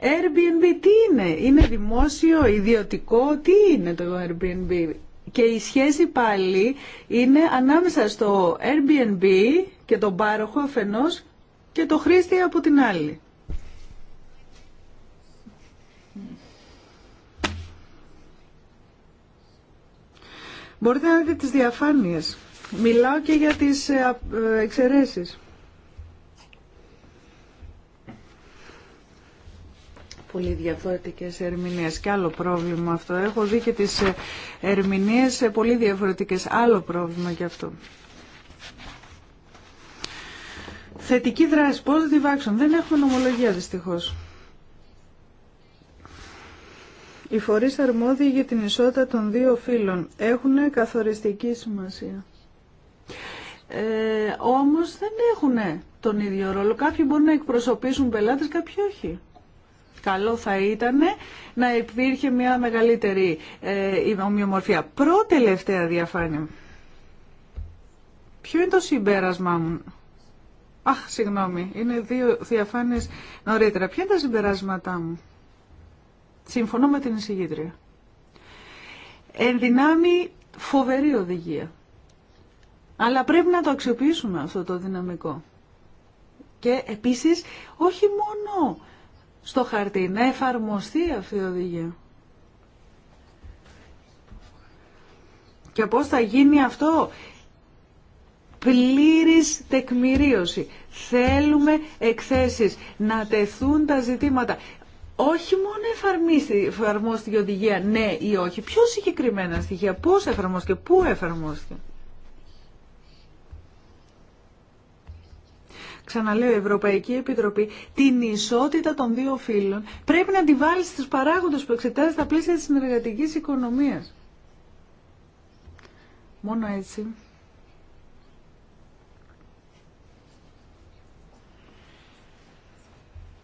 Airbnb τι είναι, είναι δημόσιο, ιδιωτικό, τι είναι το Airbnb. Και η σχέση πάλι είναι ανάμεσα στο Airbnb και τον πάροχο αφενός και το χρήστη από την άλλη. Μπορείτε να δείτε τις διαφάνειες. Μιλάω και για τις ε, ε, εξαιρέσεις. πολύ διαφορετικές ερμηνείες και άλλο πρόβλημα αυτό. Έχω δει και τις ε, ερμηνείες πολύ διαφορετικές. Άλλο πρόβλημα γι' αυτό. Θετική δράση, Πώς διβάξουν. Δεν έχουμε νομολογία δυστυχώς. Οι φορείς αρμόδιοι για την ισότητα των δύο φύλων έχουν καθοριστική σημασία. Ε, όμως δεν έχουν τον ίδιο ρόλο. Κάποιοι μπορούν να εκπροσωπήσουν πελάτες, κάποιοι όχι. Καλό θα ήταν να υπήρχε μια μεγαλύτερη ε, ομοιομορφία. Προτελευταία διαφάνεια. Ποιο είναι το συμπέρασμά μου. Αχ, συγγνώμη, είναι δύο διαφάνειες νωρίτερα. Ποια είναι τα συμπεράσματά μου. Συμφωνώ με την εισηγήτρια. δυνάμει φοβερή οδηγία. Αλλά πρέπει να το αξιοποιήσουμε αυτό το δυναμικό. Και επίσης όχι μόνο στο χαρτί, να εφαρμοστεί αυτή η οδηγία. Και πώς θα γίνει αυτό. Πλήρης τεκμηρίωση. Θέλουμε εκθέσεις να τεθούν τα ζητήματα όχι μόνο εφαρμόστηκε η οδηγία ναι ή όχι, πιο συγκεκριμένα στοιχεία, πώς εφαρμόστηκε, πού εφαρμόστηκε. Ξαναλέω, η οχι την ισότητα συγκεκριμενα στοιχεια να αντιβάσει εφαρμοστηκε Επιτροπή την ισότητα των δύο φύλων πρέπει να τη βάλει στους παράγοντες που εξετάζει τα πλαίσια τη συνεργατική οικονομία. Μόνο έτσι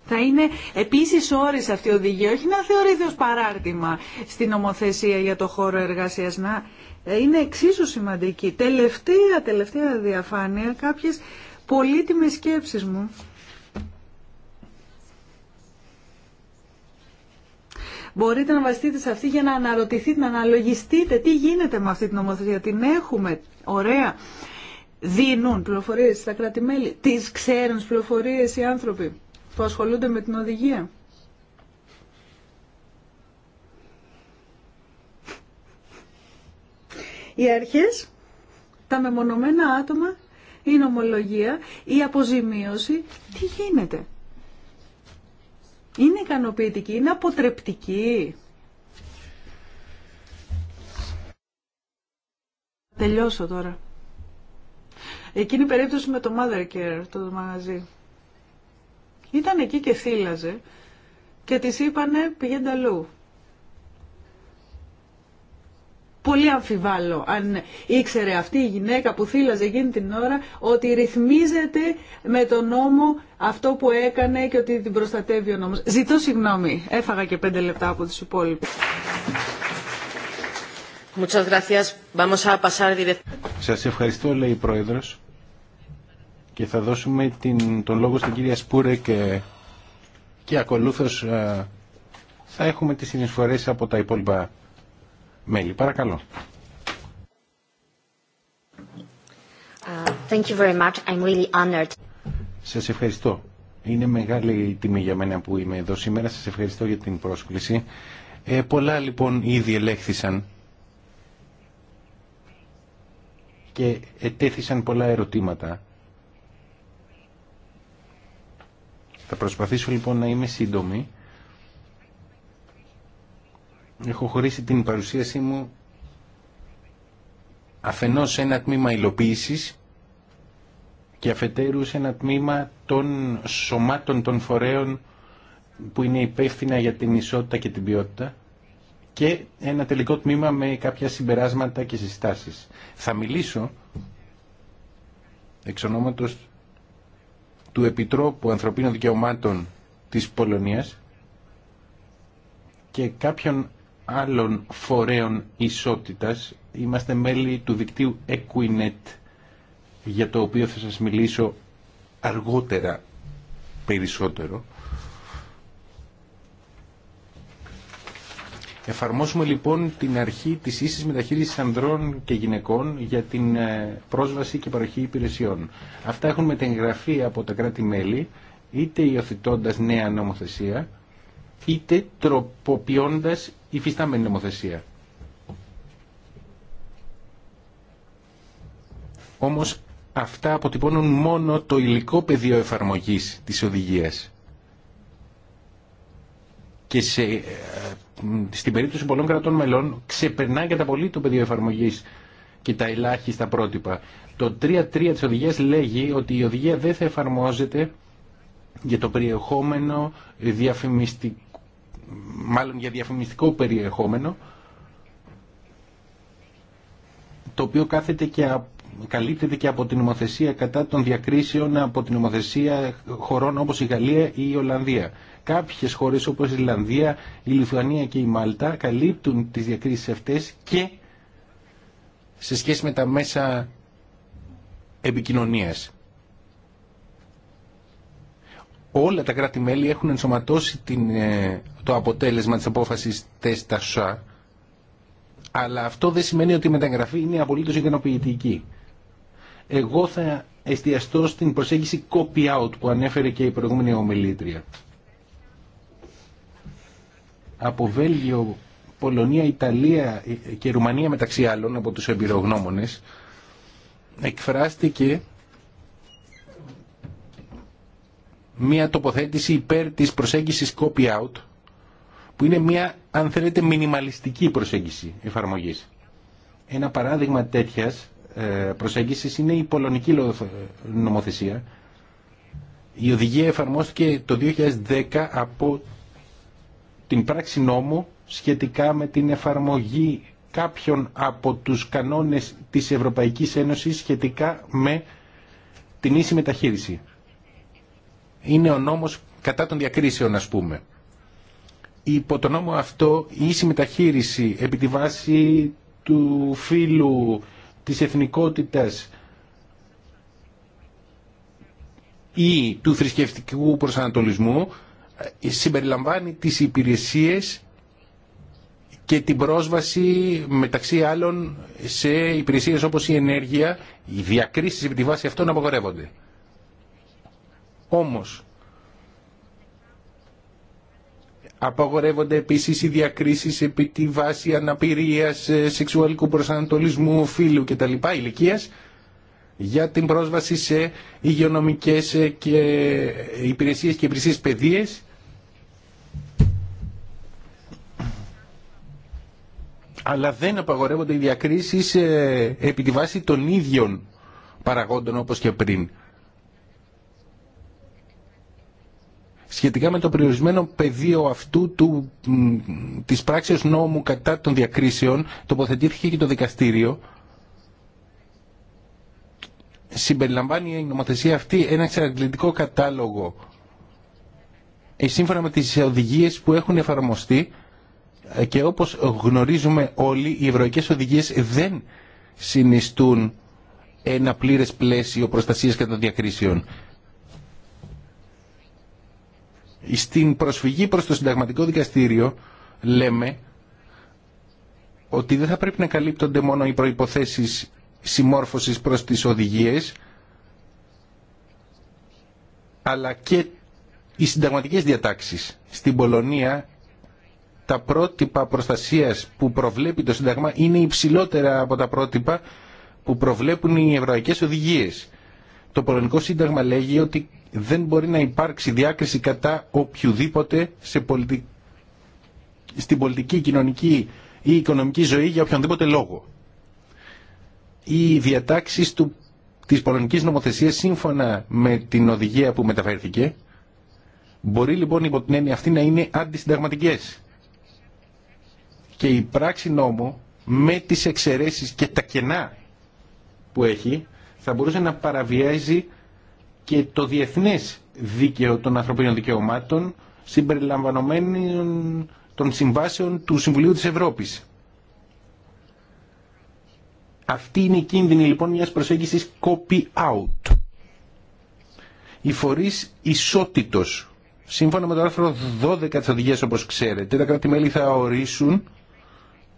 θα είναι επίσης όρις αυτή η οδηγία, όχι να θεωρείται ως παράρτημα στην νομοθεσία για το χώρο εργασίας, να ε, είναι εξίσου σημαντική. Τελευταία, τελευταία διαφάνεια, κάποιες πολύτιμε σκέψει μου. Μπορείτε να βαστείτε σε αυτή για να αναρωτηθείτε, να αναλογιστείτε τι γίνεται με αυτή την νομοθεσία. Την έχουμε, ωραία. Δίνουν πληροφορίες στα κράτη-μέλη. Τις ξέρουν πληροφορίες οι άνθρωποι που ασχολούνται με την οδηγία. Οι αρχές, τα μεμονωμένα άτομα, η νομολογία, η αποζημίωση, τι γίνεται. Είναι ικανοποιητική, είναι αποτρεπτική. Τελειώσω τώρα. Εκείνη η περίπτωση με το Mothercare, το μαγαζί. Ήταν εκεί και θύλαζε και της είπανε πηγαίνετε αλλού. Πολύ αμφιβάλλω αν ήξερε αυτή η γυναίκα που θύλαζε εκείνη την ώρα ότι ρυθμίζεται με τον νόμο αυτό που έκανε και ότι την προστατεύει ο νόμος. Ζητώ συγγνώμη. Έφαγα και πέντε λεπτά από τους υπόλοιπους. Σας ευχαριστώ, λέει η Πρόεδρος και θα δώσουμε την, τον λόγο στην κυρία Σπούρε και, και ακολούθως ε, θα έχουμε τις συνεισφορές από τα υπόλοιπα μέλη. Παρακαλώ. Uh, thank you very much. I'm really honored. Σας ευχαριστώ. Είναι μεγάλη τιμή για μένα που είμαι εδώ σήμερα. Σας ευχαριστώ για την πρόσκληση. Ε, πολλά λοιπόν ήδη ελέγχθησαν και ετέθησαν πολλά ερωτήματα Θα προσπαθήσω λοιπόν να είμαι σύντομη. Έχω χωρίσει την παρουσίασή μου αφενός σε ένα τμήμα υλοποίησης και αφετέρου σε ένα τμήμα των σωμάτων των φορέων που είναι υπεύθυνα για την ισότητα και την ποιότητα και ένα τελικό τμήμα με κάποια συμπεράσματα και συστάσεις. Θα μιλήσω εξ ονόματος του Επιτρόπου Ανθρωπίνων Δικαιωμάτων της Πολωνίας και κάποιων άλλων φορέων ισότητας. Είμαστε μέλη του δικτύου Equinet, για το οποίο θα σας μιλήσω αργότερα περισσότερο. Εφαρμόσουμε λοιπόν την αρχή της ίσης μεταχείρισης ανδρών και γυναικών για την ε, πρόσβαση και παροχή υπηρεσιών. Αυτά έχουν μετεγγραφεί από τα κράτη-μέλη, είτε υιοθετώντα νέα νομοθεσία, είτε τροποποιώντας υφιστάμενη νομοθεσία. Όμως αυτά αποτυπώνουν μόνο το υλικό πεδίο εφαρμογής της οδηγίας και σε, ε, στην περίπτωση πολλών κρατών μελών ξεπερνά κατά πολύ το πεδίο εφαρμογή και τα ελάχιστα πρότυπα. Το 3-3 τη οδηγία λέγει ότι η οδηγία δεν θα εφαρμόζεται για το περιεχόμενο διαφημιστικό, μάλλον για διαφημιστικό περιεχόμενο, το οποίο κάθεται και από καλύπτεται και από την νομοθεσία κατά των διακρίσεων από την νομοθεσία χωρών όπως η Γαλλία ή η Ολλανδία. Κάποιες χώρες όπως η Ιρλανδία, η Λιθουανία και η Μάλτα καλύπτουν τις διακρίσεις αυτές και σε σχέση με τα μέσα επικοινωνίας. Όλα τα κράτη-μέλη έχουν ενσωματώσει την, ε, το αποτέλεσμα της απόφασης τεστασά αλλά αυτό δεν σημαίνει ότι η μεταγραφή είναι απολύτω ικανοποιητική. Εγώ θα εστιαστώ στην προσέγγιση copy-out που ανέφερε και η προηγούμενη ομιλήτρια. Από Βέλγιο, Πολωνία, Ιταλία και Ρουμανία μεταξύ άλλων από τους εμπειρογνώμονες εκφράστηκε μια τοποθέτηση υπέρ της προσέγγισης copy-out που είναι μια αν θέλετε μινιμαλιστική προσέγγιση εφαρμογής. Ένα παράδειγμα τέτοιας ε, προσέγγισης είναι η πολωνική νομοθεσία. Η οδηγία εφαρμόστηκε το 2010 από την πράξη νόμου σχετικά με την εφαρμογή κάποιων από τους κανόνες της Ευρωπαϊκής Ένωσης σχετικά με την ίση μεταχείριση. Είναι ο νόμος κατά των διακρίσεων ας πούμε. Υπό τον νόμο αυτό η ίση μεταχείριση επί τη βάση του φύλου της εθνικότητας ή του θρησκευτικού προσανατολισμού ε, συμπεριλαμβάνει τις υπηρεσίες και την πρόσβαση μεταξύ άλλων σε υπηρεσίες όπως η ενέργεια, οι διακρίσεις επί τη βάση αυτών απογορεύονται. Όμως, Απαγορεύονται επίση οι διακρίσει επί τη βάση αναπηρίας, ε, σεξουαλικού προσανατολισμού, φύλου κτλ. ηλικία για την πρόσβαση σε υγειονομικέ ε, και υπηρεσίες και υπηρεσίε παιδεία. Αλλά δεν απαγορεύονται οι διακρίσει ε, επί τη βάση των ίδιων παραγόντων όπως και πριν. σχετικά με το περιορισμένο πεδίο αυτού του, της πράξης νόμου κατά των διακρίσεων τοποθετήθηκε και το δικαστήριο. Συμπεριλαμβάνει η νομοθεσία αυτή ένα εξαρτητικό κατάλογο ε, σύμφωνα με τις οδηγίες που έχουν εφαρμοστεί ε, και όπως γνωρίζουμε όλοι οι ευρωϊκές οδηγίες δεν συνιστούν ένα πλήρες πλαίσιο προστασίας κατά διακρίσεων. Στην προσφυγή προς το συνταγματικό δικαστήριο λέμε ότι δεν θα πρέπει να καλύπτονται μόνο οι προϋποθέσεις συμμόρφωσης προς τις οδηγίες, αλλά και οι συνταγματικές διατάξεις. Στην Πολωνία τα πρότυπα προστασίας που προβλέπει το Σύνταγμα είναι υψηλότερα από τα πρότυπα που προβλέπουν οι ευρωπαϊκές οδηγίες. Το Πολωνικό Σύνταγμα λέγει ότι δεν μπορεί να υπάρξει διάκριση κατά οποιοδήποτε σε στην πολιτική, κοινωνική ή οικονομική ζωή για οποιονδήποτε λόγο. Οι διατάξεις του... της πολωνικής νομοθεσίας σύμφωνα με την οδηγία που μεταφέρθηκε μπορεί λοιπόν υπό την έννοια αυτή να είναι αντισυνταγματικές. Και η πράξη νόμου με τις εξαιρέσεις και τα κενά που έχει θα μπορούσε να παραβιάζει και το διεθνές δίκαιο των ανθρωπίνων δικαιωμάτων συμπεριλαμβανομένων των συμβάσεων του Συμβουλίου της Ευρώπης. Αυτή είναι η κίνδυνη λοιπόν μιας προσέγγισης copy-out. Οι φορείς ισότητος. Σύμφωνα με το άρθρο 12 της οδηγίας όπως ξέρετε, τα κράτη-μέλη θα ορίσουν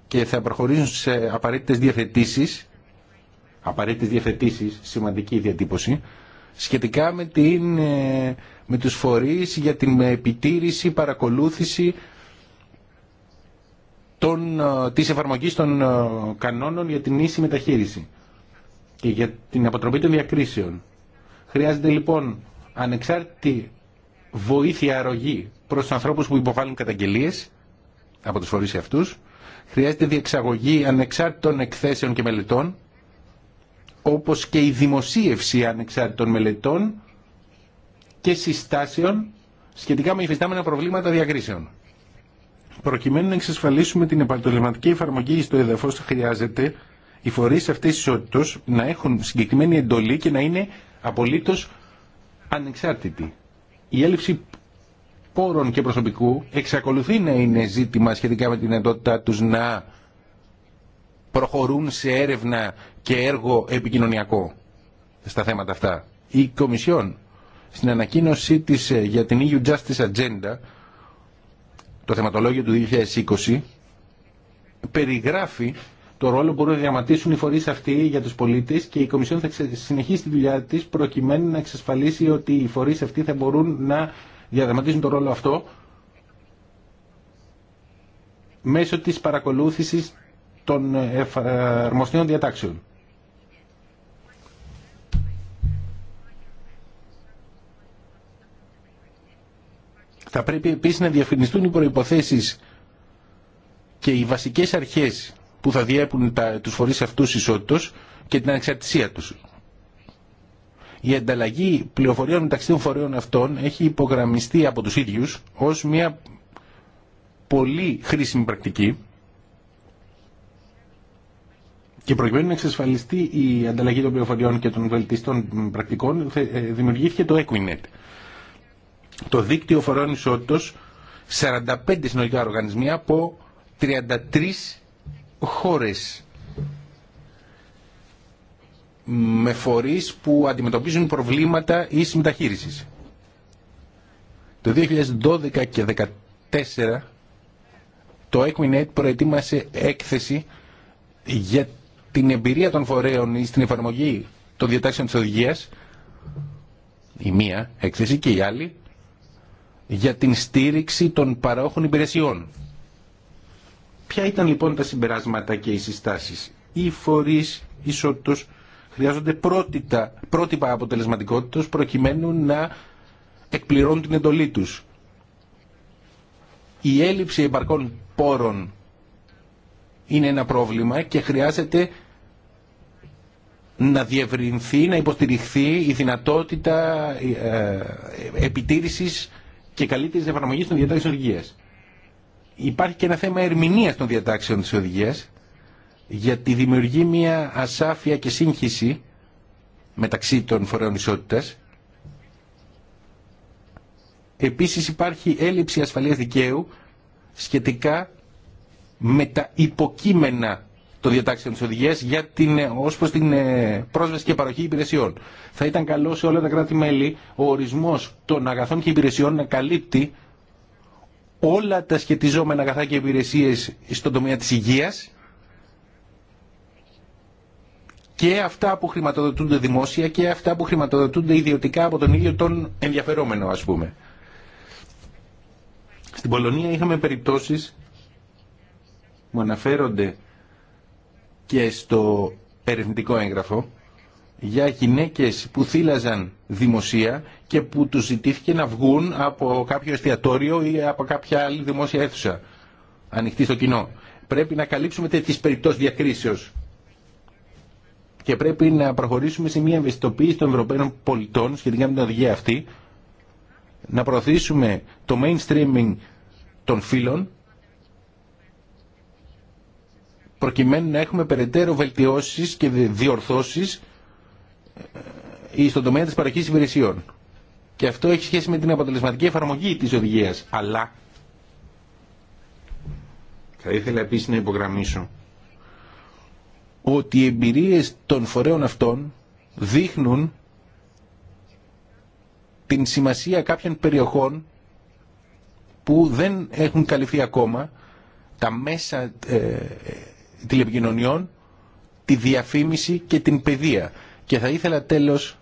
και θα προχωρήσουν σε απαραίτητες διαθετήσεις, απαραίτητες διαθετήσεις, σημαντική διατύπωση, σχετικά με, την, ε, με τους φορείς για την επιτήρηση, παρακολούθηση των, ε, της εφαρμογής των ε, κανόνων για την ίση μεταχείριση και για την αποτροπή των διακρίσεων. Χρειάζεται λοιπόν ανεξάρτητη βοήθεια αρρωγή προς τους ανθρώπους που υποβάλλουν καταγγελίες από τους φορείς αυτούς. Χρειάζεται διεξαγωγή ανεξάρτητων εκθέσεων και μελετών όπως και η δημοσίευση ανεξάρτητων μελετών και συστάσεων σχετικά με υφιστάμενα προβλήματα διακρίσεων. Προκειμένου να εξασφαλίσουμε την επαγγελματική εφαρμογή στο έδαφος χρειάζεται οι φορείς αυτή τη ισότητα να έχουν συγκεκριμένη εντολή και να είναι απολύτως ανεξάρτητοι. Η έλλειψη πόρων και προσωπικού εξακολουθεί να είναι ζήτημα σχετικά με την εντότητά του να προχωρούν σε έρευνα και έργο επικοινωνιακό στα θέματα αυτά. Η Κομισιόν στην ανακοίνωσή της ε, για την EU Justice Agenda, το θεματολόγιο του 2020, περιγράφει το ρόλο που μπορούν να διαματίσουν οι φορείς αυτοί για τους πολίτες και η Κομισιόν θα συνεχίσει τη δουλειά της προκειμένου να εξασφαλίσει ότι οι φορείς αυτοί θα μπορούν να διαδραματίσουν το ρόλο αυτό μέσω της παρακολούθησης των ε, εφαρμοστείων ε, διατάξεων. Θα πρέπει επίσης να διαφημιστούν οι προϋποθέσεις και οι βασικές αρχές που θα διέπουν τα, τους φορείς αυτούς ισότητος και την ανεξαρτησία τους. Η ανταλλαγή πληροφοριών μεταξύ των φορέων αυτών έχει υπογραμμιστεί από τους ίδιους ως μια πολύ χρήσιμη πρακτική και προκειμένου να εξασφαλιστεί η ανταλλαγή των πληροφοριών και των βελτιστών πρακτικών, ε, δημιουργήθηκε το Equinet. Το δίκτυο φορών ισότητος, 45 συνολικά οργανισμοί από 33 χώρες με φορεί που αντιμετωπίζουν προβλήματα ή συμμεταχείριση. Το 2012 και 2014 το Equinet προετοίμασε έκθεση για την εμπειρία των φορέων ή στην εφαρμογή των διατάξεων της οδηγίας, η στην εφαρμογη των διαταξεων τη οδηγια η μια εκθεση και η άλλη, για την στήριξη των παρόχων υπηρεσιών. Ποια ήταν λοιπόν τα συμπεράσματα και οι συστάσεις. Οι φορείς ισότητος χρειάζονται πρότυπα, πρότυπα αποτελεσματικότητας προκειμένου να εκπληρώνουν την εντολή τους. Η έλλειψη επαρκών πόρων είναι ένα πρόβλημα και χρειάζεται να διευρυνθεί, να υποστηριχθεί η δυνατότητα ε, ε, επιτήρησης και καλύτερης εφαρμογής των διατάξεων οδηγίας. Υπάρχει και ένα θέμα ερμηνείας των διατάξεων της οδηγίας, γιατί δημιουργεί μια ασάφεια και σύγχυση μεταξύ των φορέων ισότητας. Επίσης υπάρχει έλλειψη ασφαλείας δικαίου σχετικά με τα υποκείμενα το διατάξεων της οδηγίας για την, ε, ως την ε, πρόσβαση και παροχή υπηρεσιών. Θα ήταν καλό σε όλα τα κράτη-μέλη ο ορισμός των αγαθών και υπηρεσιών να καλύπτει όλα τα σχετιζόμενα αγαθά και υπηρεσίε στον τομέα της υγείας και αυτά που χρηματοδοτούνται δημόσια και αυτά που χρηματοδοτούνται ιδιωτικά από τον ίδιο τον ενδιαφερόμενο ας πούμε. Στην Πολωνία είχαμε περιπτώσεις που αναφέρονται και στο ερευνητικό έγγραφο για γυναίκες που θύλαζαν δημοσία και που τους ζητήθηκε να βγουν από κάποιο εστιατόριο ή από κάποια άλλη δημόσια αίθουσα ανοιχτή στο κοινό. Πρέπει να καλύψουμε τέτοιες περιπτώσεις διακρίσεως και πρέπει να προχωρήσουμε σε μια ευαισθητοποίηση των Ευρωπαίων πολιτών σχετικά με την οδηγία αυτή, να προωθήσουμε το mainstreaming των φύλων προκειμένου να έχουμε περαιτέρω βελτιώσεις και διορθώσεις ε, στον τομέα της παροχής υπηρεσιών. Και αυτό έχει σχέση με την αποτελεσματική εφαρμογή της οδηγίας. Αλλά θα ήθελα επίσης να υπογραμμίσω ότι οι εμπειρίες των φορέων αυτών δείχνουν την σημασία κάποιων περιοχών που δεν έχουν καλυφθεί ακόμα τα μέσα ε, τηλεπικοινωνιών, τη διαφήμιση και την παιδεία. Και θα ήθελα τέλος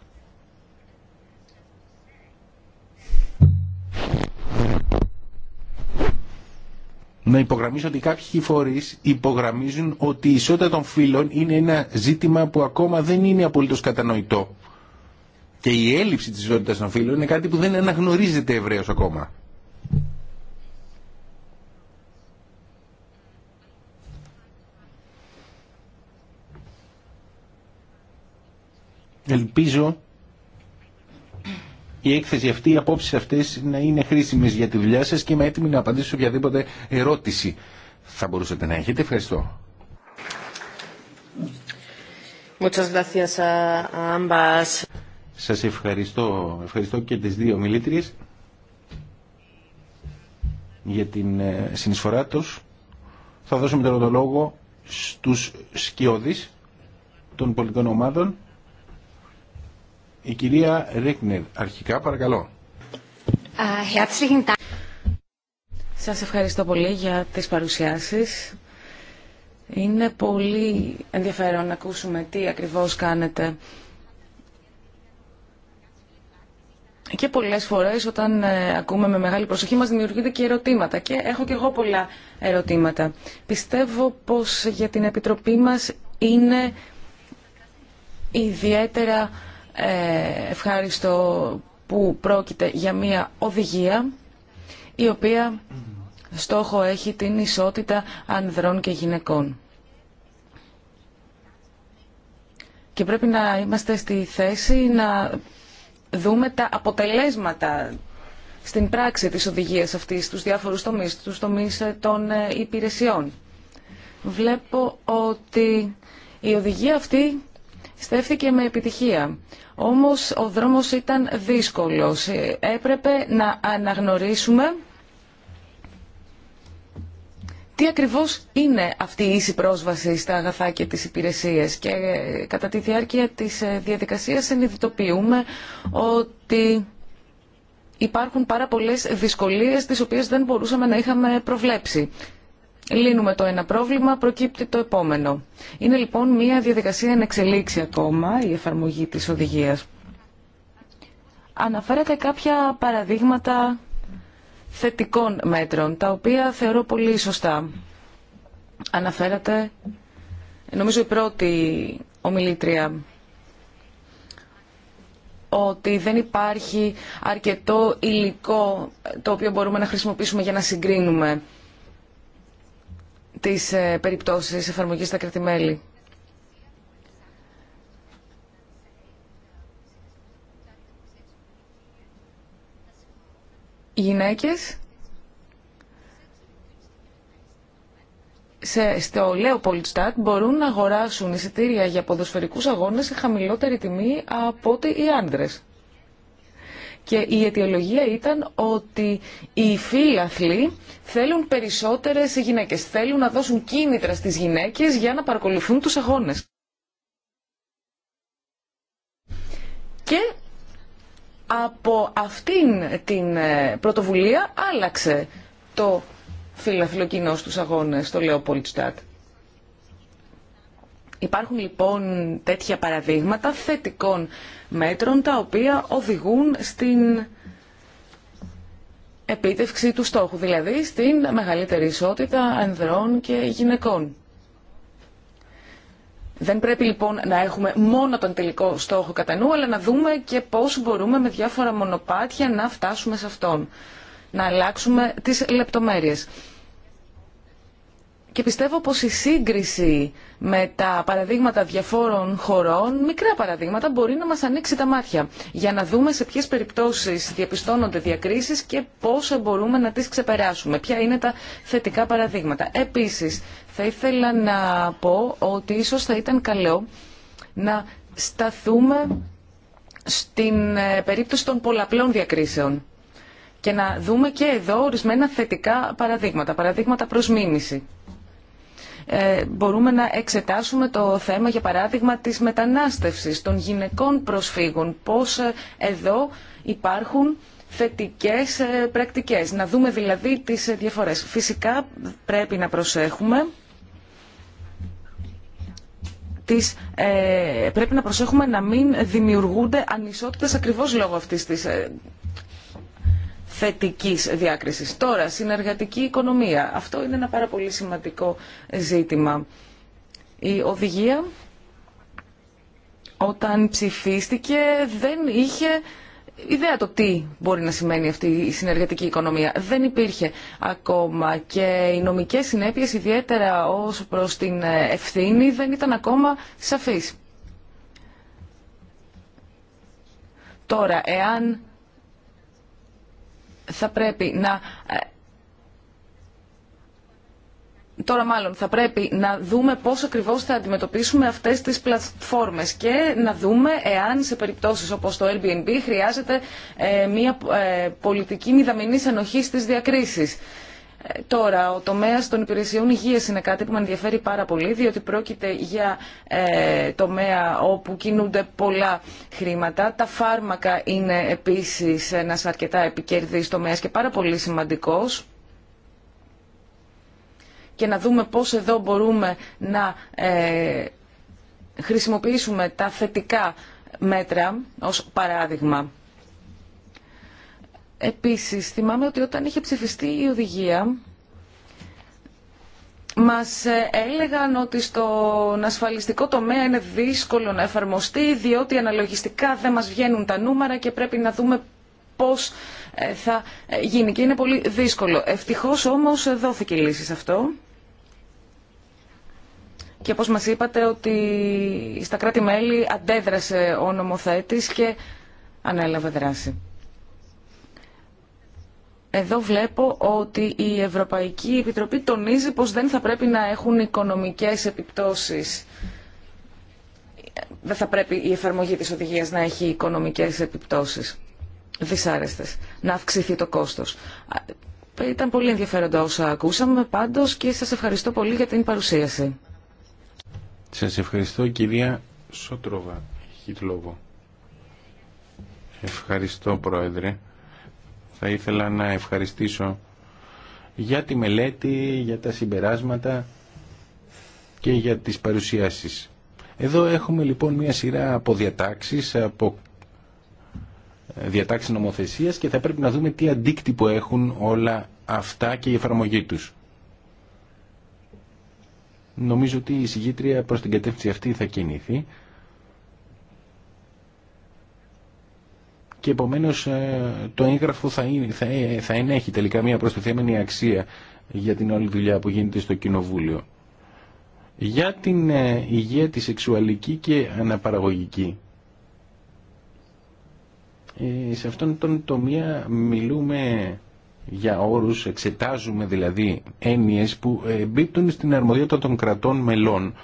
να υπογραμμίσω ότι κάποιοι φορείς υπογραμμίζουν ότι η ισότητα των φύλων είναι ένα ζήτημα που ακόμα δεν είναι απολύτως κατανοητό. Και η έλλειψη της ισότητας των φύλων είναι κάτι που δεν αναγνωρίζεται ευρέως ακόμα. Ελπίζω η έκθεση αυτή, οι απόψει αυτέ να είναι χρήσιμε για τη δουλειά σα και είμαι έτοιμη να απαντήσω σε οποιαδήποτε ερώτηση θα μπορούσατε να έχετε. Ευχαριστώ. Σας ευχαριστώ. Ευχαριστώ και τις δύο μιλήτριες για την ε, συνεισφορά τους. Θα δώσουμε τώρα το λόγο στους σκιώδεις των πολιτικών ομάδων. Η κυρία Ρίκνερ, αρχικά παρακαλώ. Σας ευχαριστώ πολύ για τις παρουσιάσεις. Είναι πολύ ενδιαφέρον να ακούσουμε τι ακριβώς κάνετε. Και πολλές φορές όταν ε, ακούμε με μεγάλη προσοχή μας δημιουργούνται και ερωτήματα. Και έχω και εγώ πολλά ερωτήματα. Πιστεύω πως για την Επιτροπή μας είναι ιδιαίτερα ε, ευχάριστο που πρόκειται για μια οδηγία η οποία στόχο έχει την ισότητα ανδρών και γυναικών. Και πρέπει να είμαστε στη θέση να δούμε τα αποτελέσματα στην πράξη της οδηγίας αυτής στους διάφορους τομείς, στους τομείς ε, των ε, υπηρεσιών. Βλέπω ότι η οδηγία αυτή στέφθηκε με επιτυχία. Όμως ο δρόμος ήταν δύσκολος. Έπρεπε να αναγνωρίσουμε τι ακριβώς είναι αυτή η ίση πρόσβαση στα αγαθά και τις υπηρεσίες και ε, κατά τη διάρκεια της ε, διαδικασίας συνειδητοποιούμε ότι υπάρχουν πάρα πολλές δυσκολίες τις οποίες δεν μπορούσαμε να είχαμε προβλέψει λύνουμε το ένα πρόβλημα, προκύπτει το επόμενο. Είναι λοιπόν μια διαδικασία εν εξελίξει ακόμα η εφαρμογή της οδηγίας. Αναφέρατε κάποια παραδείγματα θετικών μέτρων, τα οποία θεωρώ πολύ σωστά. Αναφέρατε, νομίζω η πρώτη ομιλήτρια, ότι δεν υπάρχει αρκετό υλικό το οποίο μπορούμε να χρησιμοποιήσουμε για να συγκρίνουμε τις ε, περιπτώσεις εφαρμογής στα κρατημέλη. Οι γυναίκες σε, στο λέω Πολιτστάτ μπορούν να αγοράσουν εισιτήρια για ποδοσφαιρικούς αγώνες σε χαμηλότερη τιμή από ό,τι οι άντρες και η αιτιολογία ήταν ότι οι φύλαθλοι θέλουν περισσότερες γυναίκες, θέλουν να δώσουν κίνητρα στις γυναίκες για να παρακολουθούν τους αγώνες. Και από αυτήν την ε, πρωτοβουλία άλλαξε το φιλαθλοκοινό στους αγώνες στο Λεοπολτστάτ. Υπάρχουν λοιπόν τέτοια παραδείγματα θετικών μέτρων τα οποία οδηγούν στην επίτευξη του στόχου, δηλαδή στην μεγαλύτερη ισότητα ανδρών και γυναικών. Δεν πρέπει λοιπόν να έχουμε μόνο τον τελικό στόχο κατά νου, αλλά να δούμε και πώς μπορούμε με διάφορα μονοπάτια να φτάσουμε σε αυτόν. Να αλλάξουμε τις λεπτομέρειες και πιστεύω πως η σύγκριση με τα παραδείγματα διαφόρων χωρών, μικρά παραδείγματα, μπορεί να μας ανοίξει τα μάτια για να δούμε σε ποιες περιπτώσεις διαπιστώνονται διακρίσεις και πώς μπορούμε να τις ξεπεράσουμε, ποια είναι τα θετικά παραδείγματα. Επίσης, θα ήθελα να πω ότι ίσως θα ήταν καλό να σταθούμε στην ε, περίπτωση των πολλαπλών διακρίσεων και να δούμε και εδώ ορισμένα θετικά παραδείγματα, παραδείγματα προς μίμηση. Ε, μπορούμε να εξετάσουμε το θέμα, για παράδειγμα, της μετανάστευσης των γυναικών προσφύγων. Πώς ε, εδώ υπάρχουν θετικές ε, πρακτικές. Να δούμε δηλαδή τις διαφορές. Φυσικά πρέπει να προσέχουμε τις, ε, πρέπει να προσέχουμε να μην δημιουργούνται ανισότητες ακριβώς λόγω αυτής της Θετική διάκριση. Τώρα, συνεργατική οικονομία. Αυτό είναι ένα πάρα πολύ σημαντικό ζήτημα. Η οδηγία όταν ψηφίστηκε δεν είχε ιδέα το τι μπορεί να σημαίνει αυτή η συνεργατική οικονομία. Δεν υπήρχε ακόμα και οι νομικές συνέπειες ιδιαίτερα ως προς την ευθύνη δεν ήταν ακόμα σαφείς. Τώρα, εάν θα πρέπει να ε, Τώρα μάλλον θα πρέπει να δούμε πώς ακριβώς θα αντιμετωπίσουμε αυτές τις πλατφόρμες και να δούμε εάν σε περιπτώσεις όπως το Airbnb χρειάζεται ε, μια ε, πολιτική μηδαμινής ενοχής στις διακρίσεις. Τώρα, ο τομέα των υπηρεσιών υγεία είναι κάτι που με ενδιαφέρει πάρα πολύ, διότι πρόκειται για ε, τομέα όπου κινούνται πολλά χρήματα. Τα φάρμακα είναι επίση ένα αρκετά επικερδή τομέα και πάρα πολύ σημαντικό. Και να δούμε πώς εδώ μπορούμε να ε, χρησιμοποιήσουμε τα θετικά μέτρα ως παράδειγμα. Επίσης, θυμάμαι ότι όταν είχε ψηφιστεί η οδηγία, μας έλεγαν ότι στον ασφαλιστικό τομέα είναι δύσκολο να εφαρμοστεί, διότι αναλογιστικά δεν μας βγαίνουν τα νούμερα και πρέπει να δούμε πώς ε, θα ε, γίνει. Και είναι πολύ δύσκολο. Ευτυχώς όμως δόθηκε λύση σε αυτό. Και όπως μας είπατε ότι στα κράτη-μέλη αντέδρασε ο νομοθέτης και ανέλαβε δράση. Εδώ βλέπω ότι η Ευρωπαϊκή Επιτροπή τονίζει πως δεν θα πρέπει να έχουν οικονομικές επιπτώσεις. Δεν θα πρέπει η εφαρμογή της οδηγίας να έχει οικονομικές επιπτώσεις δυσάρεστες, να αυξηθεί το κόστος. Ήταν πολύ ενδιαφέροντα όσα ακούσαμε πάντως και σας ευχαριστώ πολύ για την παρουσίαση. Σας ευχαριστώ κυρία Σότροβα λόγο. Ευχαριστώ πρόεδρε. Θα ήθελα να ευχαριστήσω για τη μελέτη, για τα συμπεράσματα και για τις παρουσιάσεις. Εδώ έχουμε λοιπόν μια σειρά από διατάξεις, από ε, διατάξεις νομοθεσίας και θα πρέπει να δούμε τι αντίκτυπο έχουν όλα αυτά και η εφαρμογή τους. Νομίζω ότι η συγκήτρια προς την κατεύθυνση αυτή θα κινηθεί και επομένως ε, το έγγραφο θα, είναι, θα, ε, θα ενέχει τελικά μια προστιθέμενη αξία για την όλη δουλειά που γίνεται στο Κοινοβούλιο. Για την ε, υγεία τη σεξουαλική και αναπαραγωγική. σε αυτόν τον τομέα μιλούμε για όρους, εξετάζουμε δηλαδή έννοιες που εμπίπτουν στην αρμοδιότητα των κρατών μελών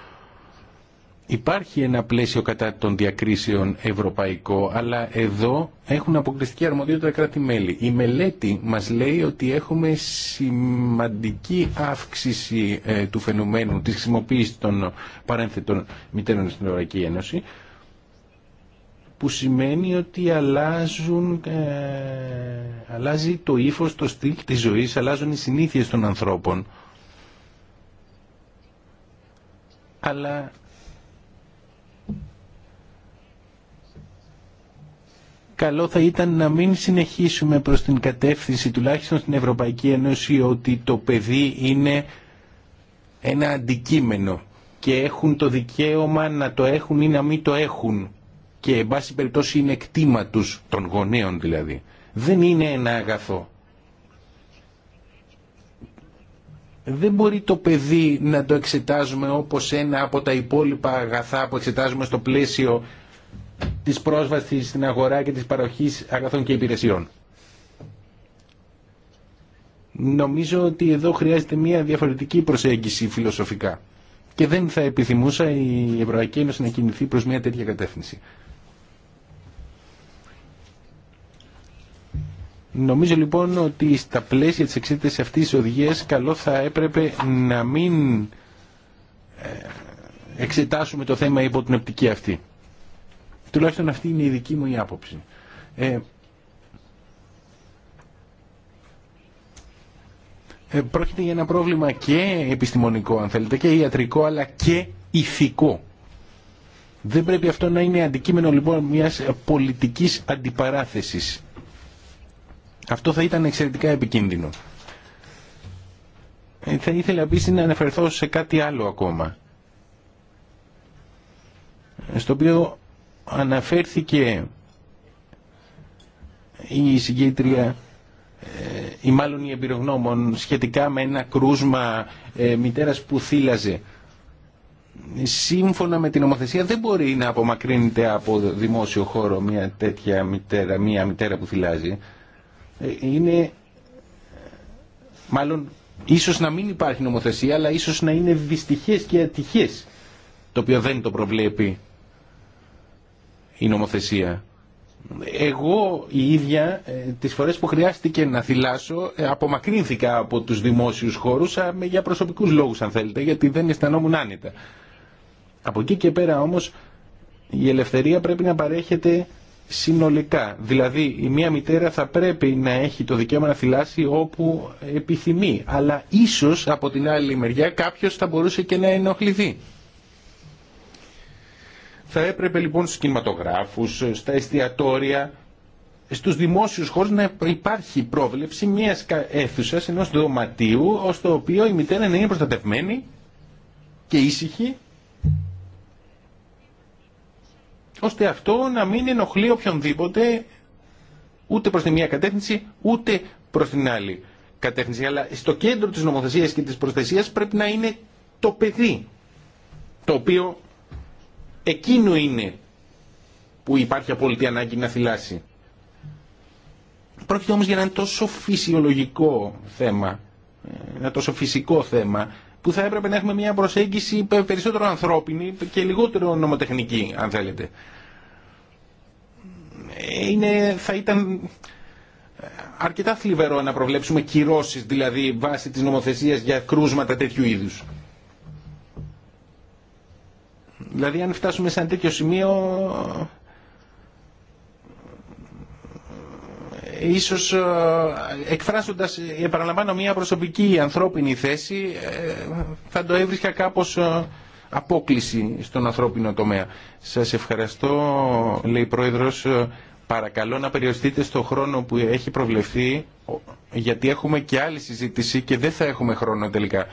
Υπάρχει ένα πλαίσιο κατά των διακρίσεων ευρωπαϊκό, αλλά εδώ έχουν αποκλειστική αρμοδιότητα κράτη-μέλη. Η μελέτη μας λέει ότι έχουμε σημαντική αύξηση ε, του φαινομένου της χρησιμοποίησης των παρένθετων μητέρων στην Ευρωπαϊκή Ένωση, που σημαίνει ότι αλλάζουν, ε, αλλάζει το ύφος, το στυλ της ζωής, αλλάζουν οι συνήθειες των ανθρώπων. Αλλά καλό θα ήταν να μην συνεχίσουμε προς την κατεύθυνση τουλάχιστον στην Ευρωπαϊκή Ένωση ότι το παιδί είναι ένα αντικείμενο και έχουν το δικαίωμα να το έχουν ή να μην το έχουν και εν πάση περιπτώσει είναι κτήμα τους των γονέων δηλαδή δεν είναι ένα αγαθό δεν μπορεί το παιδί να το εξετάζουμε όπως ένα από τα υπόλοιπα αγαθά που εξετάζουμε στο πλαίσιο της πρόσβασης στην αγορά και της παροχής αγαθών και υπηρεσιών. Νομίζω ότι εδώ χρειάζεται μια διαφορετική προσέγγιση φιλοσοφικά και δεν θα επιθυμούσα η Ευρωπαϊκή Ένωση να κινηθεί προς μια τέτοια κατεύθυνση. Νομίζω λοιπόν ότι στα πλαίσια της εξήτησης αυτής της οδηγίας καλό θα έπρεπε να μην ε, εξετάσουμε το θέμα υπό την οπτική αυτή. Τουλάχιστον αυτή είναι η δική μου η άποψη. Ε, ε, πρόκειται για ένα πρόβλημα και επιστημονικό αν θέλετε και ιατρικό αλλά και ηθικό. Δεν πρέπει αυτό να είναι αντικείμενο λοιπόν μιας πολιτικής αντιπαράθεσης. Αυτό θα ήταν εξαιρετικά επικίνδυνο. Ε, θα ήθελα επίσης να αναφερθώ σε κάτι άλλο ακόμα. Στο οποίο αναφέρθηκε η συγκέντρια ε, ή μάλλον η εμπειρογνώμων σχετικά με ένα κρούσμα ε, μητέρας που θύλαζε σύμφωνα με την νομοθεσία δεν μπορεί να απομακρύνεται από δημόσιο χώρο μια τέτοια μητέρα, μια μητέρα που θυλάζει. Ε, είναι μάλλον ίσως να μην υπάρχει νομοθεσία αλλά ίσως να είναι δυστυχές και ατυχές το οποίο δεν το προβλέπει η νομοθεσία. Εγώ η ίδια ε, τις φορές που χρειάστηκε να θυλάσω ε, απομακρύνθηκα από τους δημόσιους χώρους για προσωπικούς λόγους αν θέλετε γιατί δεν αισθανόμουν άνετα. Από εκεί και πέρα όμως η ελευθερία πρέπει να παρέχεται συνολικά. Δηλαδή η μία μητέρα θα πρέπει να έχει το δικαίωμα να θυλάσει όπου επιθυμεί. Αλλά ίσως από την άλλη μεριά κάποιος θα μπορούσε και να ενοχληθεί. Θα έπρεπε λοιπόν στους κινηματογράφους, στα εστιατόρια, στους δημόσιους χώρους να υπάρχει πρόβλεψη μιας αίθουσα ενός δωματίου, ώστε το οποίο η μητέρα να είναι προστατευμένη και ήσυχη, ώστε αυτό να μην ενοχλεί οποιονδήποτε ούτε προς τη μία κατεύθυνση, ούτε προς την άλλη κατεύθυνση. Αλλά στο κέντρο της νομοθεσίας και της προστασίας πρέπει να είναι το παιδί, το οποίο εκείνο είναι που υπάρχει απόλυτη ανάγκη να θυλάσει. Πρόκειται όμως για ένα τόσο φυσιολογικό θέμα, ένα τόσο φυσικό θέμα, που θα έπρεπε να έχουμε μια προσέγγιση περισσότερο ανθρώπινη και λιγότερο νομοτεχνική, αν θέλετε. Είναι, θα ήταν ε, αρκετά θλιβερό να προβλέψουμε κυρώσεις, δηλαδή βάσει της νομοθεσίας για κρούσματα τέτοιου είδους. Δηλαδή αν φτάσουμε σε ένα τέτοιο σημείο ίσως ε, εκφράζοντας, επαναλαμβάνω, μια προσωπική ανθρώπινη θέση ε, θα το έβρισκα κάπως ε, απόκληση στον ανθρώπινο τομέα. Σας ευχαριστώ, λέει η Πρόεδρος, παρακαλώ να περιοριστείτε στο χρόνο που έχει προβλεφθεί, γιατί έχουμε και άλλη συζήτηση και δεν θα έχουμε χρόνο τελικά.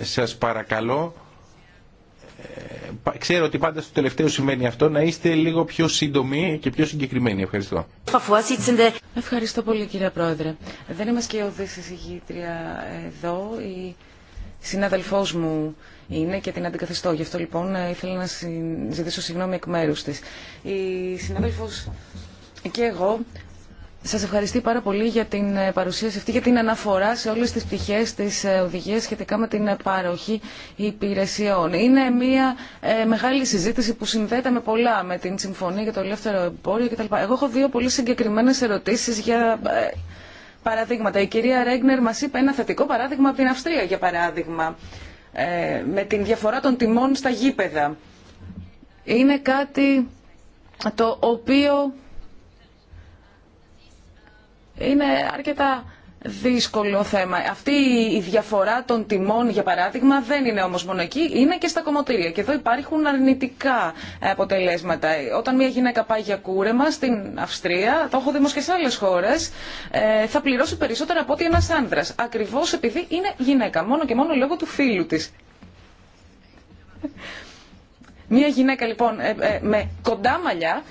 Σας παρακαλώ ε, ξέρω ότι πάντα στο τελευταίο σημαίνει αυτό, να είστε λίγο πιο σύντομοι και πιο συγκεκριμένοι. Ευχαριστώ. Ευχαριστώ πολύ κύριε Πρόεδρε. Δεν είμαστε και ο εισηγήτρια εδώ. Η συνάδελφός μου είναι και την αντικαθιστώ. Γι' αυτό λοιπόν ε, ήθελα να ζητήσω συγγνώμη εκ μέρους της. Η συνάδελφος και εγώ σας ευχαριστώ πάρα πολύ για την ε, παρουσίαση αυτή, για την αναφορά σε όλες τις πτυχές της ε, οδηγίας σχετικά με την ε, παροχή υπηρεσιών. Είναι μια μεγάλη συζήτηση που συνδέεται με πολλά, με την συμφωνία για το ελεύθερο εμπόριο κτλ. Εγώ έχω δύο πολύ συγκεκριμένες ερωτήσεις για παραδείγματα. Η κυρία Ρέγνερ μας είπε ένα θετικό παράδειγμα από την Αυστρία, για παράδειγμα, με την διαφορά των τιμών στα γήπεδα. Είναι κάτι το οποίο είναι αρκετά δύσκολο θέμα. Αυτή η διαφορά των τιμών, για παράδειγμα, δεν είναι όμως μόνο εκεί, είναι και στα κομμωτήρια. Και εδώ υπάρχουν αρνητικά αποτελέσματα. Όταν μια γυναίκα πάει για κούρεμα στην Αυστρία, το έχω δει και σε άλλες χώρες, ε, θα πληρώσει περισσότερα από ότι ένας άνδρας. Ακριβώς επειδή είναι γυναίκα, μόνο και μόνο λόγω του φίλου της. Μια γυναίκα λοιπόν ε, ε, με κοντά μαλλιά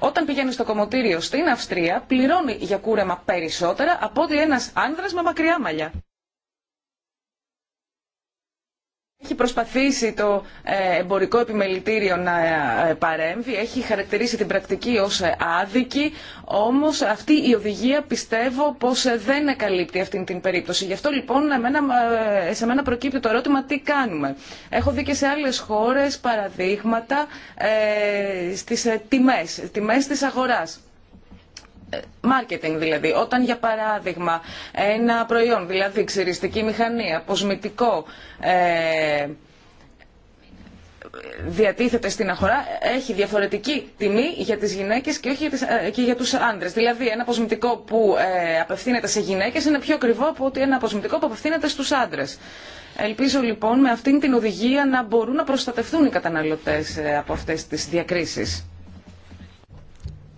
όταν πηγαίνει στο κομμωτήριο στην Αυστρία πληρώνει για κούρεμα περισσότερα από ότι ένας άνδρας με μακριά μαλλιά. Έχει προσπαθήσει το ε, εμπορικό επιμελητήριο να ε, παρέμβει, έχει χαρακτηρίσει την πρακτική ως ε, άδικη, όμως αυτή η οδηγία πιστεύω πως δεν καλύπτει αυτή την περίπτωση. Γι' αυτό λοιπόν σε μένα προκύπτει το ερώτημα τι κάνουμε. Έχω δει και σε άλλες χώρες παραδείγματα στις τιμές, τιμές της αγοράς marketing δηλαδή. Όταν για παράδειγμα ένα προϊόν, δηλαδή ξυριστική μηχανή, αποσμητικό, ε, διατίθεται στην αγορά έχει διαφορετική τιμή για τις γυναίκες και όχι για, τις, ε, και για τους άντρες. Δηλαδή ένα αποσμητικό που ε, απευθύνεται σε γυναίκες είναι πιο ακριβό από ότι ένα αποσμητικό που απευθύνεται στους άντρες. Ελπίζω λοιπόν με αυτήν την οδηγία να μπορούν να προστατευτούν οι καταναλωτές ε, από αυτές τις διακρίσεις.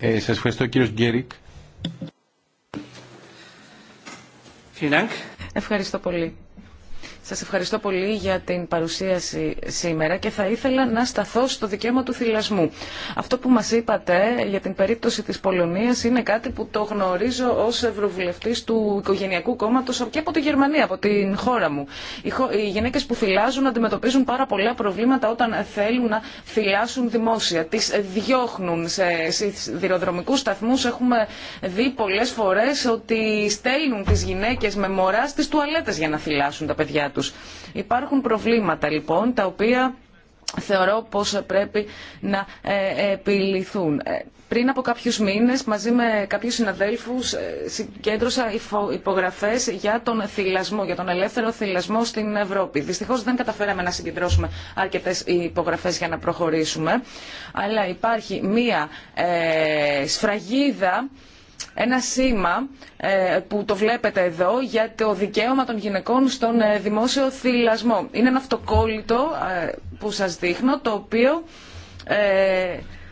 Ε, σας ευχαριστώ κύριος Γκέρικ. Ευχαριστώ πολύ. Σας ευχαριστώ πολύ για την παρουσίαση σήμερα και θα ήθελα να σταθώ στο δικαίωμα του θυλασμού. Αυτό που μας είπατε για την περίπτωση της Πολωνίας είναι κάτι που το γνωρίζω ως ευρωβουλευτής του οικογενειακού κόμματος και από τη Γερμανία, από την χώρα μου. Οι γυναίκες που θυλάζουν αντιμετωπίζουν πάρα πολλά προβλήματα όταν θέλουν να θυλάσουν δημόσια. Τις διώχνουν σε σιδηροδρομικούς σταθμούς. Έχουμε δει πολλές φορές ότι στέλνουν τις γυναίκες με μωρά στις τουαλέτες για να θυλάσουν τα παιδιά τους. Υπάρχουν προβλήματα λοιπόν τα οποία θεωρώ πως πρέπει να ε, επιληθούν. Ε, πριν από κάποιους μήνες, μαζί με κάποιους συναδέλφους, ε, συγκέντρωσα υπογραφές για τον θυλασμό, για τον ελεύθερο θυλασμό στην Ευρώπη. Δυστυχώς δεν καταφέραμε να συγκεντρώσουμε αρκετές υπογραφές για να προχωρήσουμε, αλλά υπάρχει μία σφραγίδα ένα σήμα ε, που το βλέπετε εδώ για το δικαίωμα των γυναικών στον ε, δημόσιο θυλασμό. Είναι ένα αυτοκόλλητο ε, που σας δείχνω, το οποίο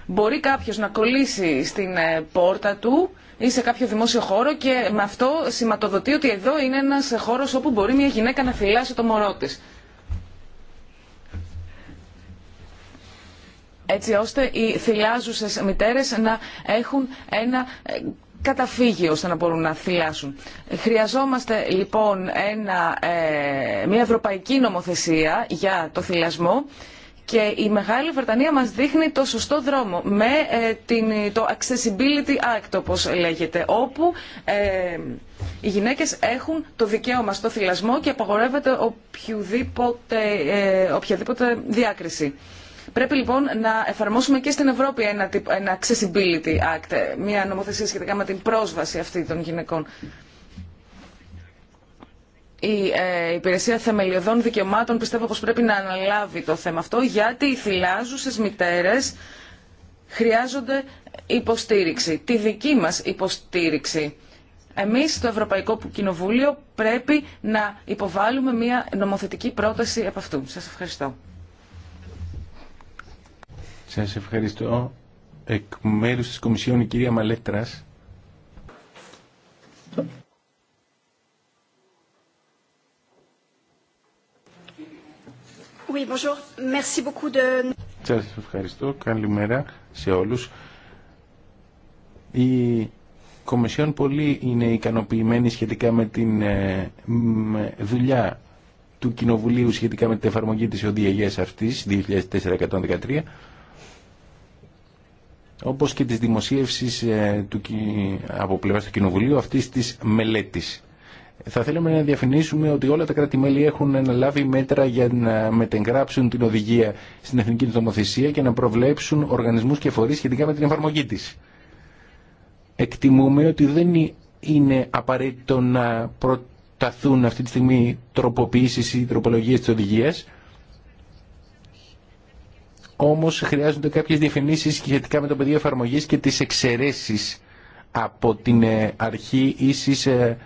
μπορεί κάποιος να κολλήσει στην πόρτα του ή σε κάποιο δημόσιο χώρο και με αυτό σηματοδοτεί ότι εδώ είναι ένας χώρος όπου μπορεί μια γυναίκα να θυλάσει το μωρό της. έτσι ώστε οι θυλάζουσες μητέρες να έχουν ένα καταφύγιο ώστε να μπορούν να θυλάσουν. Χρειαζόμαστε λοιπόν ένα, ε, μια ευρωπαϊκή νομοθεσία για το θυλασμό και η Μεγάλη Βρετανία μας δείχνει το σωστό δρόμο με ε, την, το Accessibility Act όπως λέγεται όπου ε, οι γυναίκες έχουν το δικαίωμα στο θυλασμό και απαγορεύεται οποιαδήποτε διάκριση. Πρέπει λοιπόν να εφαρμόσουμε και στην Ευρώπη ένα, accessibility act, ε, μια νομοθεσία σχετικά με την πρόσβαση αυτή των γυναικών. Η ε, Υπηρεσία Θεμελιωδών Δικαιωμάτων πιστεύω πως πρέπει να αναλάβει το θέμα αυτό γιατί οι θυλάζουσες μητέρες χρειάζονται υποστήριξη, τη δική μας υποστήριξη. Εμείς στο Ευρωπαϊκό Κοινοβούλιο πρέπει να υποβάλουμε μια νομοθετική πρόταση από αυτού. Σας ευχαριστώ. Σας ευχαριστώ. Εκ μέρου της Κομισιόν η κυρία Μαλέτρας. Oui, bonjour. Merci beaucoup de... Σας ευχαριστώ. Καλημέρα σε όλους. Η Κομισιόν πολύ είναι ικανοποιημένη σχετικά με την με δουλειά του Κοινοβουλίου σχετικά με την εφαρμογή της ΟΔΙΑΓΕΣ αυτής 2413 όπως και της δημοσίευσης ε, του, από πλευράς του Κοινοβουλίου αυτής της μελέτης. Θα θέλαμε να διαφημίσουμε ότι όλα τα κράτη-μέλη έχουν αναλάβει μέτρα για να μετεγγράψουν την οδηγία στην εθνική νομοθεσία και να προβλέψουν οργανισμούς και φορείς σχετικά με την εφαρμογή της. Εκτιμούμε ότι δεν είναι απαραίτητο να προταθούν αυτή τη στιγμή τροποποιήσεις ή τροπολογίες της οδηγίας, όμως χρειάζονται κάποιες διευθυνήσεις σχετικά με το πεδίο εφαρμογής και τις εξαιρέσεις από την ε, αρχή ίσης ε,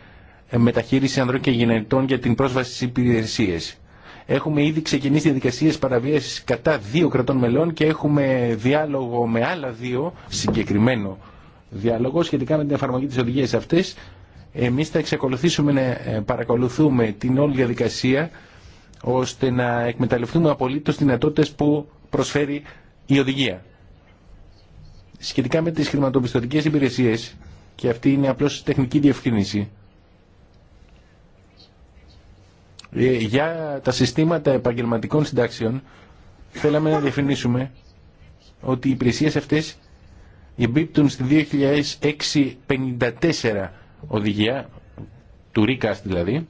ε, μεταχείριση ανδρών και γυναιτών για την πρόσβαση στις υπηρεσίες. Έχουμε ήδη ξεκινήσει διαδικασίες παραβίασης κατά δύο κρατών μελών και έχουμε διάλογο με άλλα δύο, συγκεκριμένο διάλογο σχετικά με την εφαρμογή της οδηγίας αυτής. Εμείς θα εξακολουθήσουμε να παρακολουθούμε την όλη διαδικασία ώστε να εκμεταλλευτούμε απολύτως δυνατότητες που προσφέρει η οδηγία. Σχετικά με τις χρηματοπιστωτικές υπηρεσίες, και αυτή είναι απλώς τεχνική διευκρίνηση, ε, για τα συστήματα επαγγελματικών συντάξεων θέλαμε να διευκρινίσουμε ότι οι υπηρεσίες αυτές εμπίπτουν στη 2006-54 οδηγία, του ΡΙΚΑΣ δηλαδή,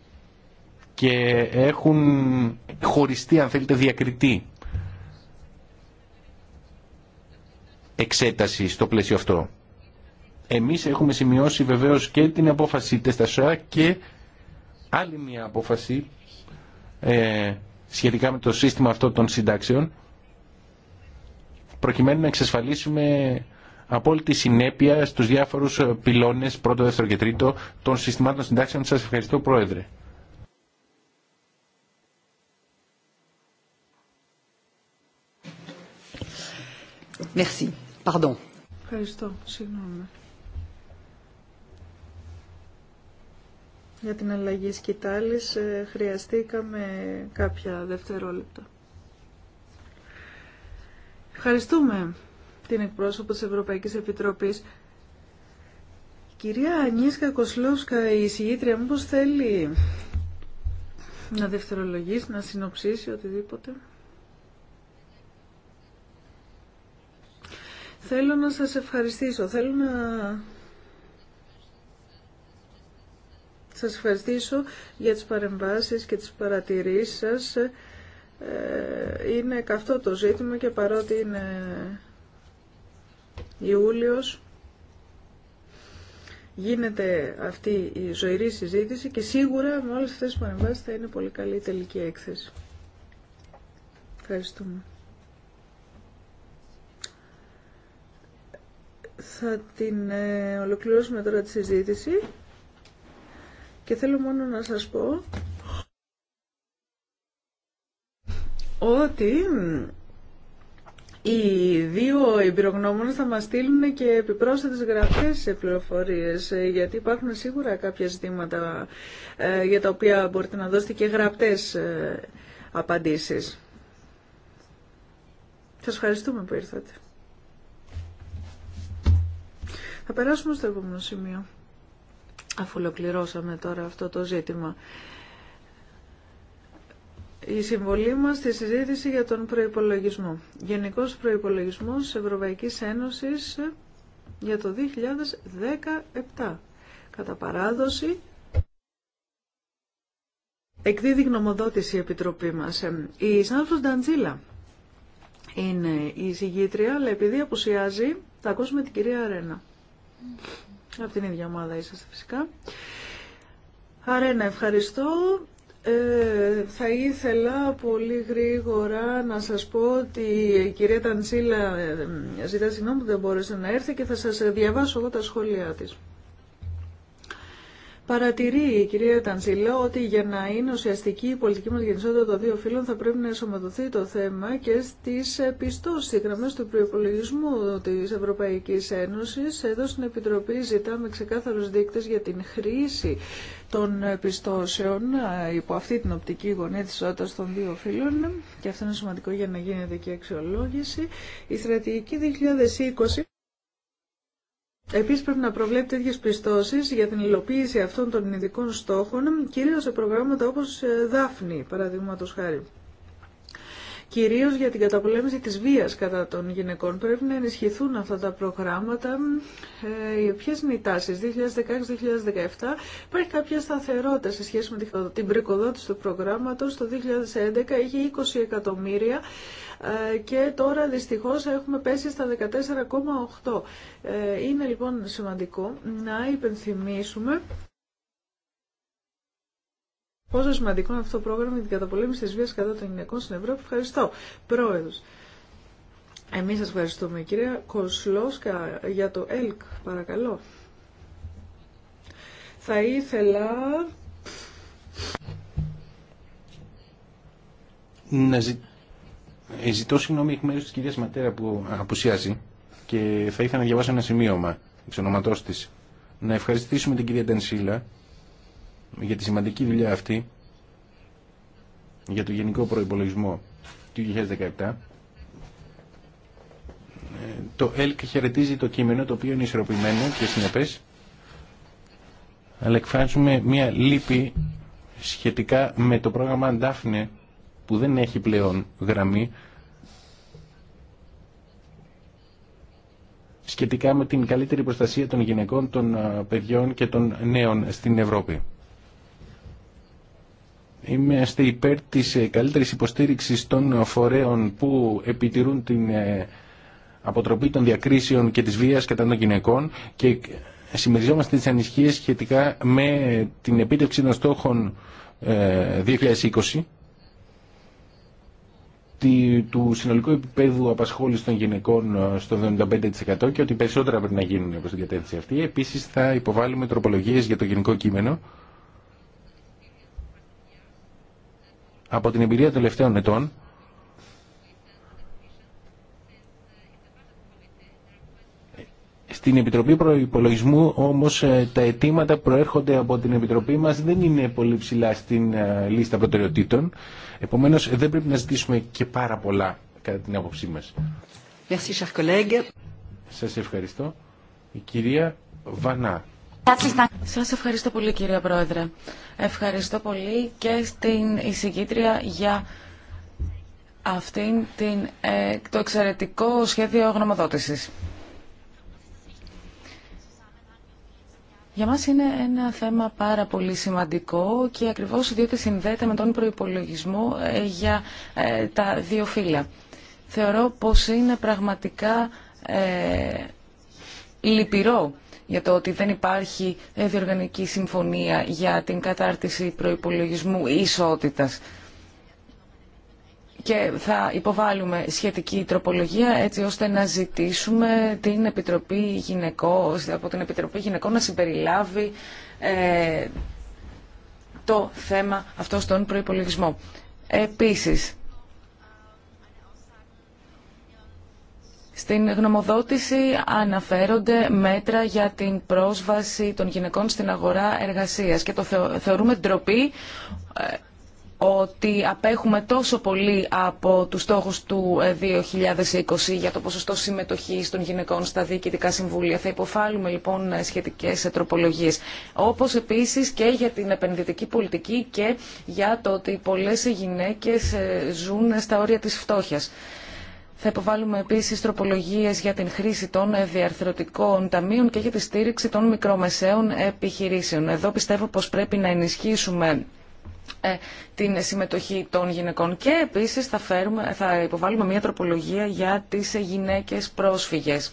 και έχουν χωριστεί αν θέλετε διακριτή εξέταση στο πλαίσιο αυτό. Εμείς έχουμε σημειώσει βεβαίως και την απόφαση τεστασσά και άλλη μια απόφαση ε, σχετικά με το σύστημα αυτό των συντάξεων προκειμένου να εξασφαλίσουμε απόλυτη συνέπεια στους διάφορους πυλώνες πρώτο, δεύτερο και τρίτο των συστημάτων συντάξεων. Σας ευχαριστώ Πρόεδρε. Merci. Ευχαριστώ. Για την αλλαγή σκητάλης ε, χρειαστήκαμε κάποια δευτερόλεπτα. Ευχαριστούμε την εκπρόσωπο της Ευρωπαϊκής Επιτροπής. Κυρία Ανίσκα Κοσλόσκα, η εισηγήτρια μήπως θέλει να δευτερολογήσει, να συνοψίσει οτιδήποτε. Θέλω να σας ευχαριστήσω. Θέλω να σας ευχαριστήσω για τις παρεμβάσεις και τις παρατηρήσεις σας. Ε, είναι καυτό το ζήτημα και παρότι είναι Ιούλιος γίνεται αυτή η ζωηρή συζήτηση και σίγουρα με όλες αυτές τις παρεμβάσεις θα είναι πολύ καλή η τελική έκθεση. Ευχαριστούμε. θα την ε, ολοκληρώσουμε τώρα τη συζήτηση και θέλω μόνο να σας πω ότι οι δύο εμπειρογνώμονες θα μας στείλουν και επιπρόσθετες γραφές σε πληροφορίες, ε, γιατί υπάρχουν σίγουρα κάποια ζητήματα ε, για τα οποία μπορείτε να δώσετε και γραπτές απαντήσεις. Σας ευχαριστούμε που ήρθατε. Θα περάσουμε στο επόμενο σημείο, αφού ολοκληρώσαμε τώρα αυτό το ζήτημα. Η συμβολή μας στη συζήτηση για τον προϋπολογισμό. Γενικός προϋπολογισμός της Ευρωπαϊκής Ένωσης για το 2017. Κατά παράδοση, εκδίδει γνωμοδότηση η Επιτροπή μας. Η Σάνφρος Νταντζίλα είναι η συγγήτρια, αλλά επειδή απουσιάζει, θα ακούσουμε την κυρία Αρένα. Από την ίδια ομάδα είσαστε φυσικά. Άρα, να ευχαριστώ. Ε, θα ήθελα πολύ γρήγορα να σας πω ότι η κυρία Ταντσίλα ε, ζητά συγγνώμη που δεν μπόρεσε να έρθει και θα σας διαβάσω εγώ τα σχόλιά της. Παρατηρεί η κυρία Τανσιλό ότι για να είναι ουσιαστική η πολιτική μας για των δύο φύλων θα πρέπει να ενσωματωθεί το θέμα και στις πιστώσεις, γραμμέ του προπολογισμού τη Ευρωπαϊκή Ένωση, Εδώ στην Επιτροπή ζητάμε ξεκάθαρου δείκτες για την χρήση των πιστώσεων υπό αυτή την οπτική γωνία τη ισότητα των δύο φύλων και αυτό είναι σημαντικό για να γίνεται και αξιολόγηση. Η στρατηγική 2020 Επίσης πρέπει να προβλέπει τέτοιες πιστώσεις για την υλοποίηση αυτών των ειδικών στόχων, κυρίως σε προγράμματα όπως ε, Δάφνη, παραδείγματος χάρη κυρίως για την καταπολέμηση της βίας κατά των γυναικών. Πρέπει να ενισχυθούν αυτά τα προγράμματα. Ε, ποιες είναι οι τάσεις 2016-2017. Υπάρχει κάποια σταθερότητα σε σχέση με την πρικοδότηση του προγράμματος. Το 2011 είχε 20 εκατομμύρια ε, και τώρα δυστυχώς έχουμε πέσει στα 14,8. Ε, είναι λοιπόν σημαντικό να υπενθυμίσουμε πόσο σημαντικό είναι αυτό το πρόγραμμα για την καταπολέμηση τη βία κατά των γυναικών στην Ευρώπη. Ευχαριστώ. Πρόεδρο. Εμεί σα ευχαριστούμε, κυρία Κοσλόσκα, για το ΕΛΚ, παρακαλώ. Θα ήθελα να ζη... Ε, ζητώ συγγνώμη εκ μέρου της κυρίας Ματέρα που απουσιάζει και θα ήθελα να διαβάσω ένα σημείωμα εξ ονοματό τη. Να ευχαριστήσουμε την κυρία Τενσίλα για τη σημαντική δουλειά αυτή για το γενικό προϋπολογισμό του 2017. Το ΕΛΚ χαιρετίζει το κείμενο το οποίο είναι ισορροπημένο και συνεπές αλλά εκφράζουμε μία λύπη σχετικά με το πρόγραμμα Αντάφνε που δεν έχει πλέον γραμμή σχετικά με την καλύτερη προστασία των γυναικών, των παιδιών και των νέων στην Ευρώπη. Είμαστε υπέρ της ε, καλύτερης υποστήριξης των φορέων που επιτηρούν την ε, αποτροπή των διακρίσεων και της βίας κατά των γυναικών και συμμεριζόμαστε τις ανησυχίες σχετικά με την επίτευξη των στόχων 2020 ε, του συνολικού επίπεδου απασχόλησης των γυναικών στο 75% και ότι περισσότερα πρέπει να γίνουν προς την κατεύθυνση αυτή. Επίσης θα υποβάλουμε τροπολογίες για το γενικό κείμενο από την εμπειρία των τελευταίων ετών Στην Επιτροπή Προϋπολογισμού όμως ε, τα αιτήματα που προέρχονται από την Επιτροπή μας δεν είναι πολύ ψηλά στην ε, λίστα προτεραιοτήτων. Επομένως δεν πρέπει να ζητήσουμε και πάρα πολλά κατά την άποψή μας. Merci, Σας ευχαριστώ. Η κυρία Βανά. Σας ευχαριστώ πολύ κυρία Πρόεδρε. Ευχαριστώ πολύ και στην εισηγήτρια για αυτήν την, ε, το εξαιρετικό σχέδιο γνωμοδότησης. Για μας είναι ένα θέμα πάρα πολύ σημαντικό και ακριβώς διότι συνδέεται με τον προϋπολογισμό ε, για ε, τα δύο φύλλα. Θεωρώ πως είναι πραγματικά ε, λυπηρό για το ότι δεν υπάρχει διοργανική συμφωνία για την κατάρτιση προϋπολογισμού ισότητας. Και θα υποβάλουμε σχετική τροπολογία έτσι ώστε να ζητήσουμε την Επιτροπή Γυναικό, από την Επιτροπή Γυναικών να συμπεριλάβει ε, το θέμα αυτό στον προϋπολογισμό. Επίσης, Στην γνωμοδότηση αναφέρονται μέτρα για την πρόσβαση των γυναικών στην αγορά εργασίας και το θεωρούμε ντροπή ε, ότι απέχουμε τόσο πολύ από τους στόχους του 2020 ε, για το ποσοστό συμμετοχής των γυναικών στα διοικητικά συμβούλια. Θα υποφάλουμε λοιπόν ε, σχετικές τροπολογίες. Όπως επίσης και για την επενδυτική πολιτική και για το ότι πολλές γυναίκες ζουν στα όρια της φτώχειας. Θα υποβάλουμε επίσης τροπολογίες για την χρήση των διαρθρωτικών ταμείων και για τη στήριξη των μικρομεσαίων επιχειρήσεων. Εδώ πιστεύω πως πρέπει να ενισχύσουμε ε, την συμμετοχή των γυναικών και επίσης θα, φέρουμε, θα υποβάλουμε μια τροπολογία για τις γυναίκες πρόσφυγες.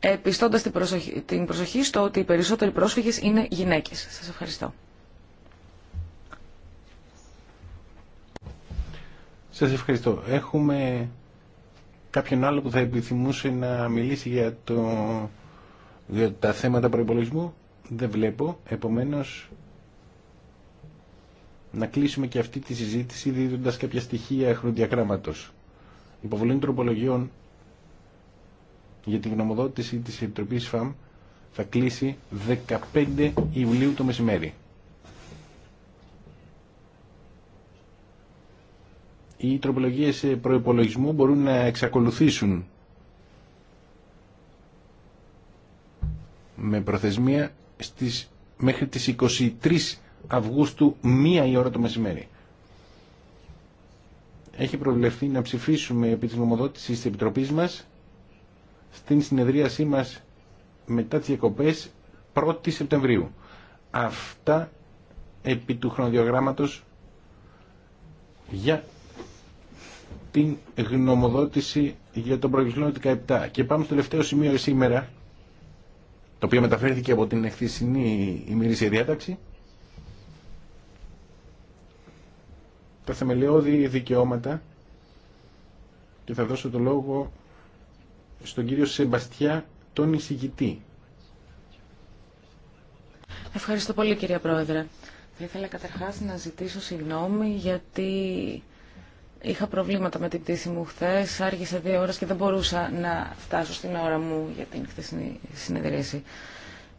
Επιστώντας την προσοχή, την προσοχή στο ότι οι περισσότεροι πρόσφυγες είναι γυναίκες. Σας ευχαριστώ. Σας ευχαριστώ. Έχουμε κάποιον άλλο που θα επιθυμούσε να μιλήσει για, το... για τα θέματα προϋπολογισμού. Δεν βλέπω. Επομένως, να κλείσουμε και αυτή τη συζήτηση δίδοντας κάποια στοιχεία χροντιακράματος. Υποβολή τροπολογιών για την γνωμοδότηση της Επιτροπής ΦΑΜ θα κλείσει 15 Ιουλίου το μεσημέρι. οι τροπολογίες προϋπολογισμού μπορούν να εξακολουθήσουν με προθεσμία στις, μέχρι τις 23 Αυγούστου, μία η ώρα το μεσημέρι. Έχει προβλεφθεί να ψηφίσουμε επί της νομοδότησης της Επιτροπής μας στην συνεδρίασή μας μετά τις διακοπές 1η Σεπτεμβρίου. Αυτά επί του χρονοδιογράμματος για την γνωμοδότηση για τον προεκλογισμό 17. Και πάμε στο τελευταίο σημείο σήμερα, το οποίο μεταφέρθηκε από την εχθισινή ημερήσια διάταξη. Τα θεμελιώδη δικαιώματα και θα δώσω το λόγο στον κύριο Σεμπαστιά, τον εισηγητή. Ευχαριστώ πολύ κύριε Πρόεδρε. Θα ήθελα καταρχάς να ζητήσω συγγνώμη γιατί Είχα προβλήματα με την πτήση μου χθε. Άργησα δύο ώρες και δεν μπορούσα να φτάσω στην ώρα μου για την χθεσινή συνεδρίαση.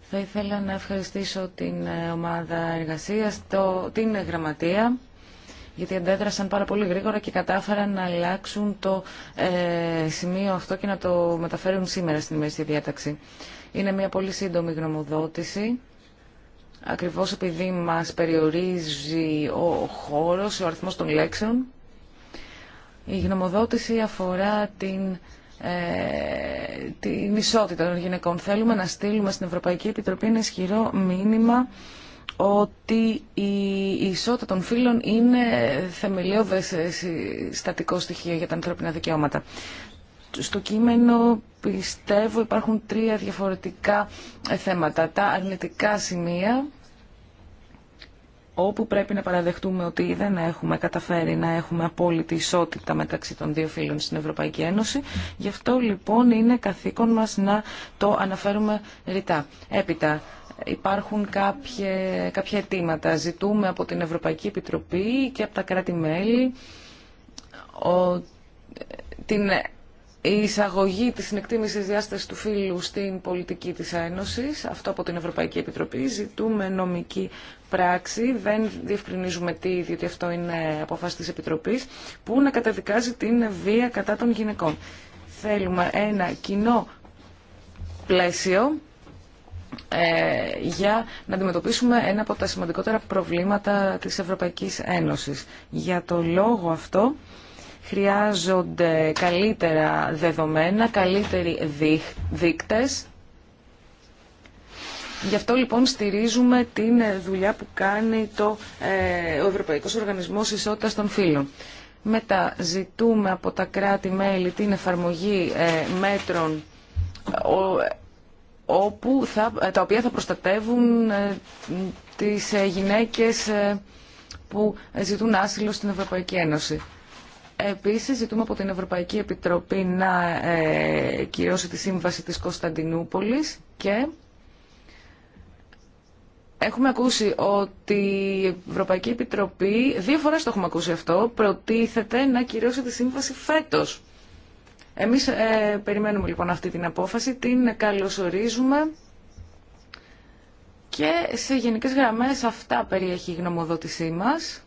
Θα ήθελα να ευχαριστήσω την ε, ομάδα εργασίας, την γραμματεία, γιατί αντέδρασαν πάρα πολύ γρήγορα και κατάφεραν να αλλάξουν το ε, σημείο αυτό και να το μεταφέρουν σήμερα στην ημερήσια διάταξη. Είναι μια πολύ σύντομη γνωμοδότηση. Ακριβώς επειδή μας περιορίζει ο χώρος, ο αριθμός των λέξεων, η γνωμοδότηση αφορά την, ε, την ισότητα των γυναικών. Θέλουμε να στείλουμε στην Ευρωπαϊκή Επιτροπή ένα ισχυρό μήνυμα ότι η ισότητα των φύλων είναι θεμελιώδες ε, στατικό στοιχείο για τα ανθρώπινα δικαιώματα. Στο κείμενο πιστεύω υπάρχουν τρία διαφορετικά ε, θέματα. Τα αρνητικά σημεία όπου πρέπει να παραδεχτούμε ότι δεν έχουμε καταφέρει να έχουμε απόλυτη ισότητα μεταξύ των δύο φίλων στην Ευρωπαϊκή Ένωση. Γι' αυτό λοιπόν είναι καθήκον μας να το αναφέρουμε ρητά. Έπειτα, υπάρχουν κάποια, κάποια αιτήματα. Ζητούμε από την Ευρωπαϊκή Επιτροπή και από τα κράτη-μέλη την εισαγωγή της συνεκτίμησης διάστασης του φύλου στην πολιτική της Ένωσης. Αυτό από την Ευρωπαϊκή Επιτροπή. Ζητούμε νομική πράξη, δεν διευκρινίζουμε τι, διότι αυτό είναι αποφάση της Επιτροπής, που να καταδικάζει την βία κατά των γυναικών. Θέλουμε ένα κοινό πλαίσιο ε, για να αντιμετωπίσουμε ένα από τα σημαντικότερα προβλήματα της Ευρωπαϊκής Ένωσης. Για το λόγο αυτό χρειάζονται καλύτερα δεδομένα, καλύτεροι δείκτες, Γι' αυτό λοιπόν στηρίζουμε την ε, δουλειά που κάνει το, ε, ο Ευρωπαϊκός Οργανισμός Ισότητας των Φύλων. Μετά ζητούμε από τα κράτη-μέλη την εφαρμογή ε, μέτρων όπου θα, ε, τα οποία θα προστατεύουν ε, τις ε, γυναίκες που ζητούν άσυλο στην Ευρωπαϊκή Ένωση. Επίσης, ζητούμε από την Ευρωπαϊκή Επιτροπή να ε, κυρώσει τη σύμβαση της Κωνσταντινούπολης και Έχουμε ακούσει ότι η Ευρωπαϊκή Επιτροπή, δύο φορές το έχουμε ακούσει αυτό, προτίθεται να κυρώσει τη σύμβαση φέτος. Εμείς ε, περιμένουμε λοιπόν αυτή την απόφαση, την καλωσορίζουμε και σε γενικές γραμμές αυτά περιέχει η γνωμοδότησή μας.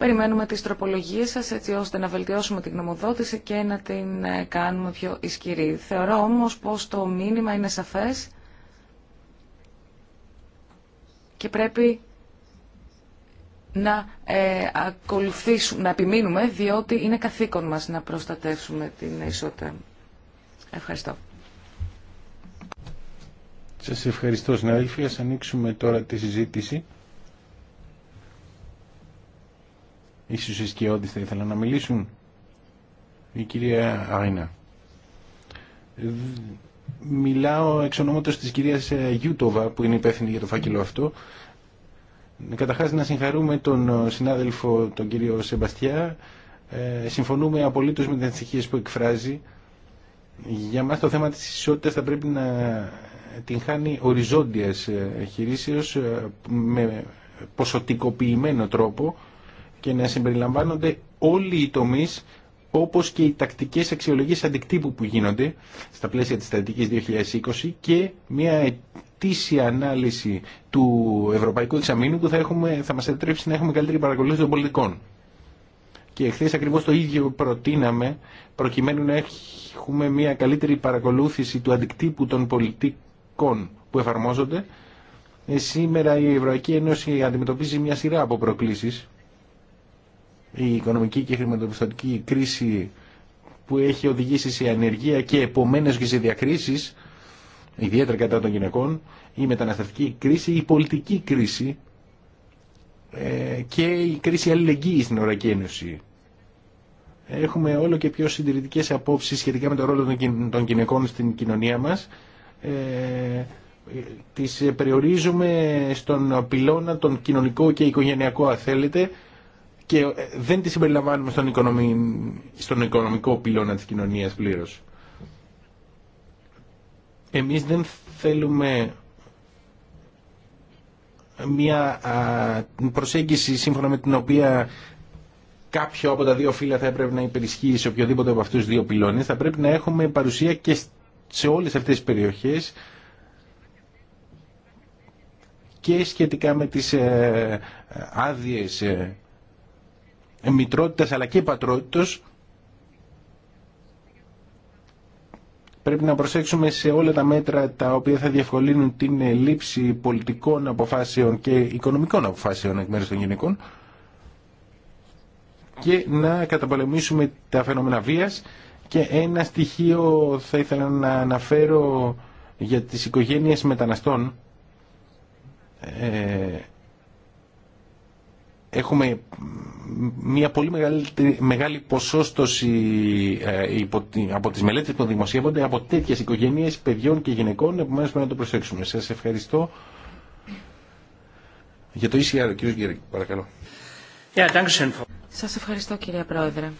Περιμένουμε τις τροπολογίες σας έτσι ώστε να βελτιώσουμε την γνωμοδότηση και να την ε, κάνουμε πιο ισχυρή. Θεωρώ όμως πως το μήνυμα είναι σαφές και πρέπει να, ε, ακολουθήσουμε, να επιμείνουμε διότι είναι καθήκον μας να προστατεύσουμε την ισότητα. Ευχαριστώ. Σας ευχαριστώ συνάδελφοι. Ας ανοίξουμε τώρα τη συζήτηση. Ίσως οι σκιώδεις θα ήθελαν να μιλήσουν. Η κυρία Αγίνα. Μιλάω εξ ονόματος της κυρίας ε, Γιούτοβα που είναι υπεύθυνη για το φάκελο αυτό. Καταρχάς να συγχαρούμε τον ε, συνάδελφο τον κύριο Σεμπαστιά. Ε, συμφωνούμε απολύτως με την ανησυχίες που εκφράζει. Για μας το θέμα της ισότητας θα πρέπει να την χάνει οριζόντιας ε, χειρήσεως με ποσοτικοποιημένο τρόπο και να συμπεριλαμβάνονται όλοι οι τομεί όπως και οι τακτικές αξιολογίες αντικτύπου που γίνονται στα πλαίσια της στρατηγικής 2020 και μια ετήσια ανάλυση του Ευρωπαϊκού Εξαμήνου που θα, έχουμε, θα μας επιτρέψει να έχουμε καλύτερη παρακολούθηση των πολιτικών. Και χθε ακριβώς το ίδιο προτείναμε προκειμένου να έχουμε μια καλύτερη παρακολούθηση του αντικτύπου των πολιτικών που εφαρμόζονται. Ε, σήμερα η Ευρωπαϊκή Ένωση αντιμετωπίζει μια σειρά από προκλήσεις η οικονομική και χρηματοπιστωτική κρίση που έχει οδηγήσει σε ανεργία και επομένως και σε διακρίσεις, ιδιαίτερα κατά των γυναικών, η μεταναστευτική κρίση, η πολιτική κρίση ε, και η κρίση αλληλεγγύης στην Ευρωπαϊκή Ένωση. Έχουμε όλο και πιο συντηρητικές απόψεις σχετικά με τον ρόλο των γυναικών στην κοινωνία μας. Ε, τις περιορίζουμε στον πυλώνα, τον κοινωνικό και οικογενειακό, αθέλετε και ε, δεν τις συμπεριλαμβάνουμε στον, οικονομι... στον οικονομικό πυλώνα της κοινωνίας πλήρως. Εμείς δεν θέλουμε μια προσέγγιση σύμφωνα με την οποία κάποιο από τα δύο φύλλα θα έπρεπε να υπερισχύει σε οποιοδήποτε από αυτούς τους δύο πυλώνες. Θα πρέπει να έχουμε παρουσία και σε όλες αυτές τις περιοχές και σχετικά με τις ε, ε, άδειες μητρότητας αλλά και πατρότητος πρέπει να προσέξουμε σε όλα τα μέτρα τα οποία θα διευκολύνουν την λήψη πολιτικών αποφάσεων και οικονομικών αποφάσεων εκ μέρους των γενικών και να καταπολεμήσουμε τα φαινόμενα βίας και ένα στοιχείο θα ήθελα να αναφέρω για τις οικογένειες μεταναστών ε, έχουμε μια πολύ μεγάλη, μεγάλη ποσόστοση ε, από τις μελέτες που δημοσιεύονται από τέτοιες οικογένειες παιδιών και γυναικών, επομένως πρέπει να το προσέξουμε. Σας ευχαριστώ. Για το ECR, κύριος Γκέρι, παρακαλώ. Yeah, Σας ευχαριστώ κύριε Πρόεδρε.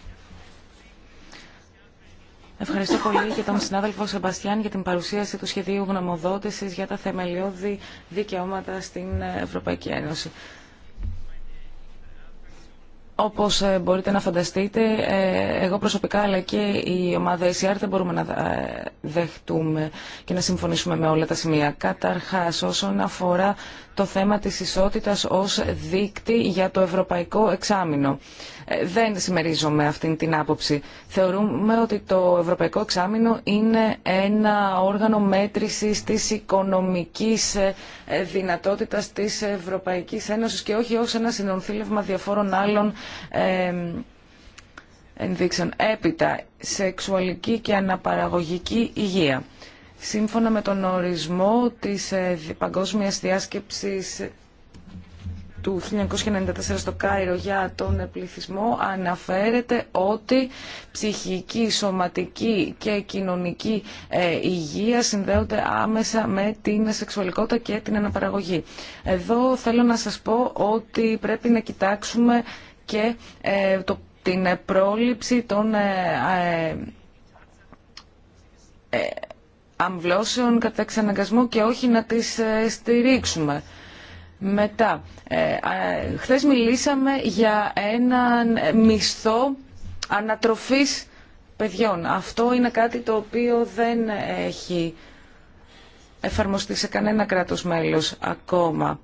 Ευχαριστώ πολύ και τον συνάδελφο Σεμπαστιάν για την παρουσίαση του σχεδίου γνωμοδότησης για τα θεμελιώδη δικαιώματα στην Ευρωπαϊκή Ένωση. Όπως ε, μπορείτε να φανταστείτε, ε, εγώ προσωπικά αλλά και η ομάδα ECR δεν μπορούμε να ε, δεχτούμε και να συμφωνήσουμε με όλα τα σημεία. Καταρχάς, όσον αφορά το θέμα της ισότητας ως δείκτη για το ευρωπαϊκό εξάμεινο. Ε, δεν συμμερίζομαι αυτήν την άποψη. Θεωρούμε ότι το Ευρωπαϊκό Εξάμεινο είναι ένα όργανο μέτρησης της οικονομικής ε, ε, δυνατότητας της Ευρωπαϊκής Ένωσης και όχι ως ένα συνονθήλευμα διαφόρων άλλων ενδείξεων. Έπειτα, σεξουαλική και αναπαραγωγική υγεία. Σύμφωνα με τον ορισμό της Παγκόσμιας Διάσκεψης του 1994 στο Κάιρο για τον πληθυσμό αναφέρεται ότι ψυχική, σωματική και κοινωνική ε, υγεία συνδέονται άμεσα με την σεξουαλικότητα και την αναπαραγωγή. Εδώ θέλω να σας πω ότι πρέπει να κοιτάξουμε και ε, το, την πρόληψη των ε, αμβλώσεων κατά εξαναγκασμό και όχι να τις στηρίξουμε. Μετά, ε, χθες μιλήσαμε για έναν μισθό ανατροφής παιδιών. Αυτό είναι κάτι το οποίο δεν έχει εφαρμοστεί σε κανένα κράτος μέλος ακόμα.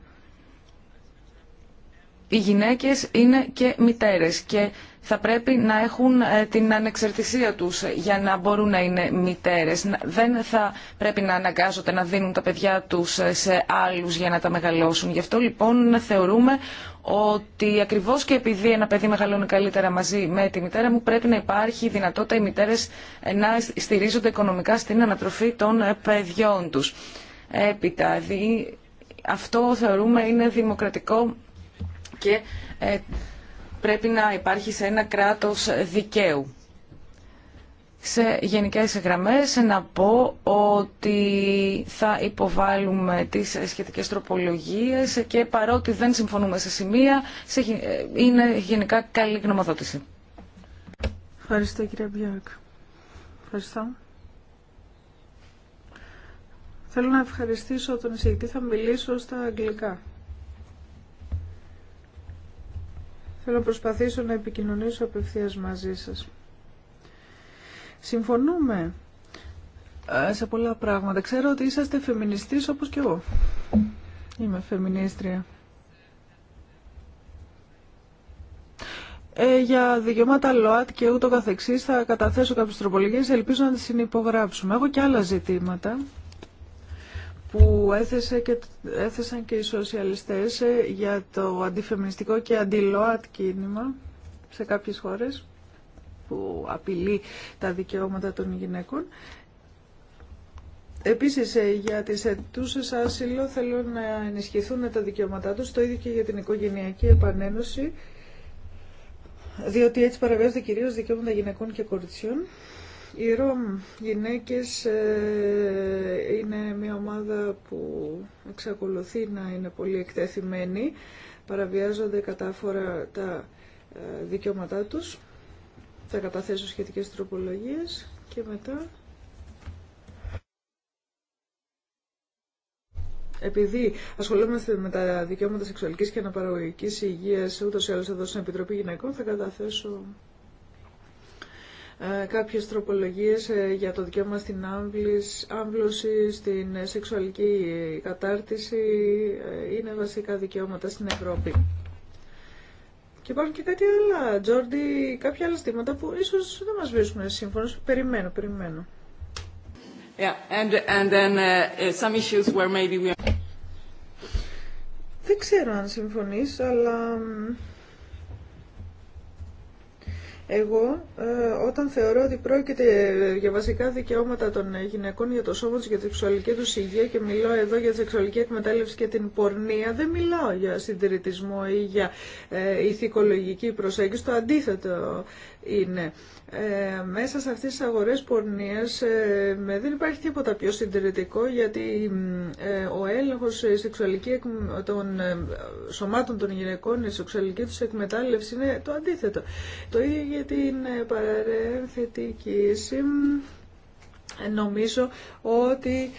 Οι γυναίκες είναι και μητέρες και θα πρέπει να έχουν ε, την ανεξαρτησία τους για να μπορούν να είναι μητέρες. Δεν θα πρέπει να αναγκάζονται να δίνουν τα παιδιά τους ε, σε άλλους για να τα μεγαλώσουν. Γι' αυτό λοιπόν θεωρούμε ότι ακριβώς και επειδή ένα παιδί μεγαλώνει καλύτερα μαζί με τη μητέρα μου πρέπει να υπάρχει δυνατότητα οι μητέρες ε, να στηρίζονται οικονομικά στην ανατροφή των παιδιών τους. Έπειτα, αυτό θεωρούμε είναι δημοκρατικό και πρέπει να υπάρχει σε ένα κράτος δικαίου. Σε γενικές γραμμές να πω ότι θα υποβάλουμε τις σχετικές τροπολογίες και παρότι δεν συμφωνούμε σε σημεία, ε, είναι γενικά καλή γνωμοδότηση. Ευχαριστώ κύριε Μπιόρκ. Ευχαριστώ. Θέλω να ευχαριστήσω τον εισηγητή, θα μιλήσω στα αγγλικά. Θέλω να προσπαθήσω να επικοινωνήσω απευθείας μαζί σας. Συμφωνούμε ε, σε πολλά πράγματα. Ξέρω ότι είσαστε φεμινιστής όπως και εγώ. Είμαι φεμινίστρια. Ε, για δικαιώματα ΛΟΑΤ και ούτω καθεξής θα καταθέσω κάποιες τροπολογίες. Ελπίζω να τις συνυπογράψουμε. Έχω και άλλα ζητήματα που έθεσε και, έθεσαν και οι σοσιαλιστές ε, για το αντιφεμινιστικό και αντιλόατ κίνημα σε κάποιες χώρες που απειλεί τα δικαιώματα των γυναίκων. Επίσης ε, για τις αιτούσες άσυλο θέλω να ενισχυθούν τα δικαιώματά τους, το ίδιο και για την οικογενειακή επανένωση, διότι έτσι παραβιάζονται κυρίως δικαιώματα γυναικών και κοριτσιών. Οι ΡΟΜ γυναίκες ε, είναι μια ομάδα που εξακολουθεί να είναι πολύ εκτεθειμένη, παραβιάζονται κατάφορα τα ε, δικαιώματά τους. Θα καταθέσω σχετικές τροπολογίες και μετά... επειδή ασχολούμαστε με τα δικαιώματα σεξουαλικής και αναπαραγωγικής υγείας, ούτως ή άλλως εδώ στην Επιτροπή Γυναικών, θα καταθέσω ε, κάποιες τροπολογίες ε, για το δικαίωμα στην άμβλωση, στην σεξουαλική κατάρτιση ε, είναι βασικά δικαιώματα στην Ευρώπη. Και υπάρχουν και κάτι άλλα, Τζόρντι, κάποια άλλα στήματα που ίσως δεν μας βρίσκουν σύμφωνος. Περιμένω, περιμένω. Δεν ξέρω αν συμφωνείς, αλλά εγώ, ε, όταν θεωρώ ότι πρόκειται για βασικά δικαιώματα των γυναικών για το σώμα τους, για τη σεξουαλική τους υγεία και μιλώ εδώ για τη σεξουαλική εκμετάλλευση και την πορνεία, δεν μιλάω για συντηρητισμό ή για ε, ηθικολογική προσέγγιση. Το αντίθετο είναι. Ε, μέσα σε αυτές τις αγορές πορνείας ε, δεν υπάρχει τίποτα πιο συντηρητικό γιατί ε, ο έλεγχος ε, σεξουαλική των σωμάτων των γυναικών, η σεξουαλική τους εκμετάλλευση είναι το αντίθετο. Το ίδιο για την παρένθετική Νομίζω ότι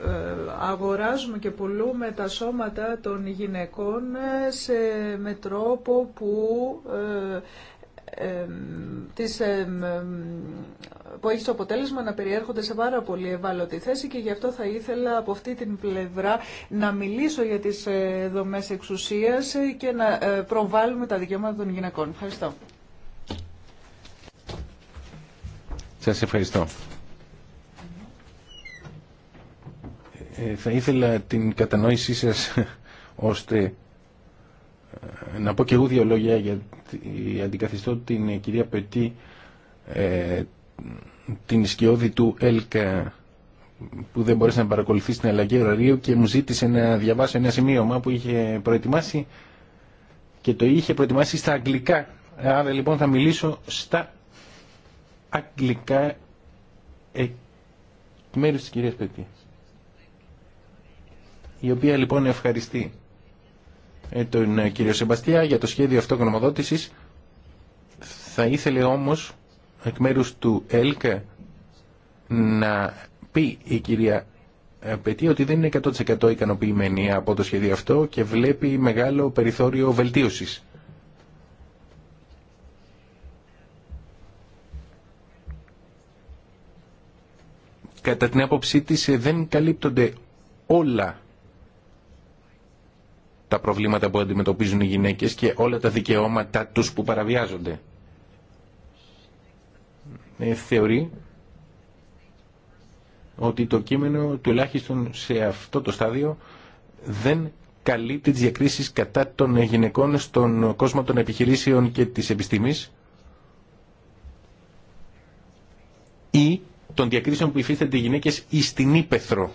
ε, αγοράζουμε και πουλούμε τα σώματα των γυναικών ε, σε, με τρόπο που ε, τις, ε, που έχει το αποτέλεσμα να περιέρχονται σε πάρα πολύ ευάλωτη θέση και γι' αυτό θα ήθελα από αυτή την πλευρά να μιλήσω για τις δομές εξουσίας και να προβάλλουμε τα δικαιώματα των γυναικών. Ευχαριστώ. Σας ευχαριστώ. Ε, θα ήθελα την κατανόησή σας ώστε ε, να πω και εγώ δύο λόγια γιατί αντικαθιστώ την ε, κυρία Πετή την σκιώδη του ΕΛΚΑ που δεν μπορέσει να παρακολουθεί στην αλλαγή ωραρίου και μου ζήτησε να διαβάσω ένα σημείωμα που είχε προετοιμάσει και το είχε προετοιμάσει στα αγγλικά. Άρα λοιπόν θα μιλήσω στα αγγλικά εκ μέρους της κυρίας Πετή η οποία λοιπόν ευχαριστεί ε, τον ε, κύριο Σεμπαστιά για το σχέδιο αυτό Θα ήθελε όμως εκ μέρους του ΕΛΚ να πει η κυρία ε, Πετή ότι δεν είναι 100% ικανοποιημένη από το σχέδιο αυτό και βλέπει μεγάλο περιθώριο βελτίωσης. Κατά την άποψή της δεν καλύπτονται όλα τα προβλήματα που αντιμετωπίζουν οι γυναίκες και όλα τα δικαιώματα τους που παραβιάζονται. Ε, θεωρεί ότι το κείμενο τουλάχιστον σε αυτό το στάδιο δεν καλύπτει τις διακρίσεις κατά των γυναικών στον κόσμο των επιχειρήσεων και της επιστήμης ή των διακρίσεων που υφίστανται οι γυναίκες στην ύπεθρο.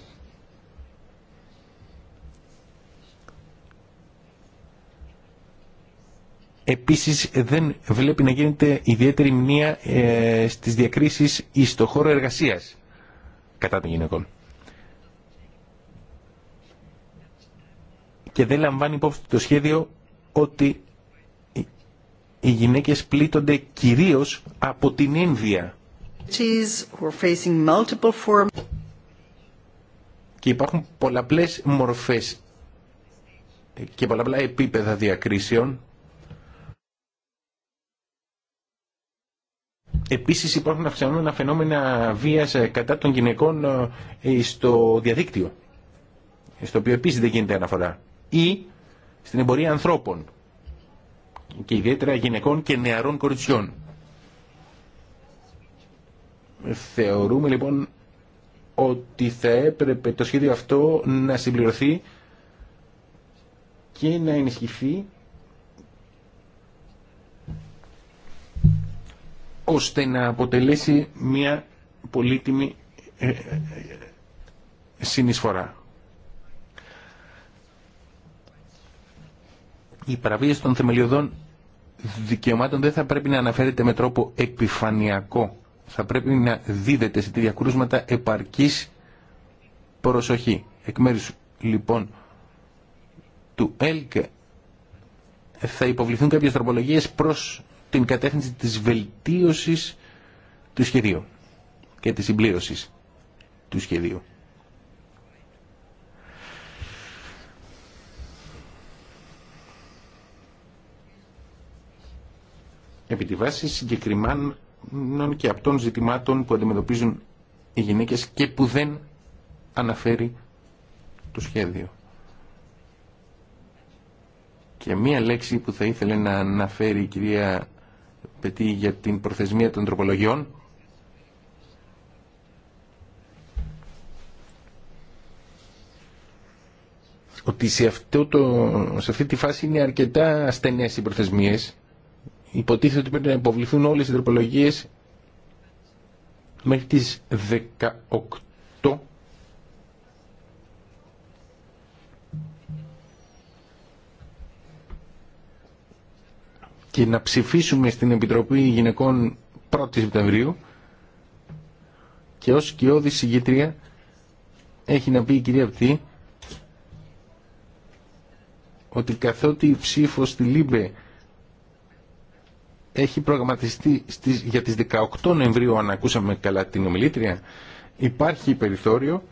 Επίσης δεν βλέπει να γίνεται ιδιαίτερη μνήμα ε, στις διακρίσεις ή στο χώρο εργασίας κατά των γυναικών. Και δεν λαμβάνει υπόψη το σχέδιο ότι οι γυναίκες πλήττονται κυρίως από την ίνδια. Και υπάρχουν πολλαπλές μορφές και πολλαπλά επίπεδα διακρίσεων Επίσης υπάρχουν αυξανόμενα φαινόμενα βίας ε, κατά των γυναικών ε, ε, στο διαδίκτυο, στο οποίο επίσης δεν γίνεται αναφορά, ή στην εμπορία ανθρώπων και ιδιαίτερα γυναικών και νεαρών κοριτσιών. Θεωρούμε λοιπόν ότι θα έπρεπε το σχέδιο αυτό να συμπληρωθεί και να ενισχυθεί ώστε να αποτελέσει μια πολύτιμη ε, ε, συνεισφορά. Η παραβίαση των θεμελιωδών δικαιωμάτων δεν θα πρέπει να αναφέρεται με τρόπο επιφανειακό. Θα πρέπει να δίδεται σε τέτοια κρούσματα επαρκής προσοχή. Εκ μέρους λοιπόν του ΕΛΚ θα υποβληθούν κάποιες τροπολογίες προς την κατεύθυνση της βελτίωσης του σχεδίου και της συμπλήρωσης του σχεδίου. Επί τη βάση συγκεκριμένων και αυτών ζητημάτων που αντιμετωπίζουν οι γυναίκες και που δεν αναφέρει το σχέδιο. Και μία λέξη που θα ήθελε να αναφέρει η κυρία πετύχει για την προθεσμία των τροπολογιών. Ότι σε, αυτό σε αυτή τη φάση είναι αρκετά ασθενές οι προθεσμίες. Υποτίθεται ότι πρέπει να υποβληθούν όλες οι τροπολογίες μέχρι τις 18 και να ψηφίσουμε στην Επιτροπή Γυναικών 1η Σεπτεμβρίου και ως κοιόδη συγκήτρια έχει να πει η κυρία αυτή ότι καθότι η ψήφος στη Λίμπε έχει προγραμματιστεί στις, για τις 18 Νοεμβρίου αν ακούσαμε καλά την ομιλήτρια υπάρχει περιθώριο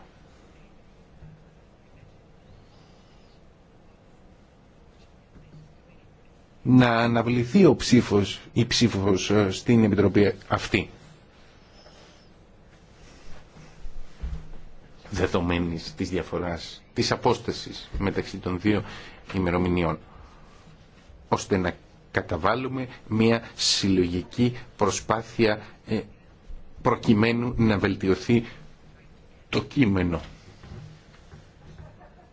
να αναβληθεί ο ψήφος, η ψήφος ε, στην Επιτροπή αυτή. Δεδομένης της διαφοράς, της απόστασης μεταξύ των δύο ημερομηνιών, ώστε να καταβάλουμε μια συλλογική προσπάθεια ε, προκειμένου να βελτιωθεί το κείμενο.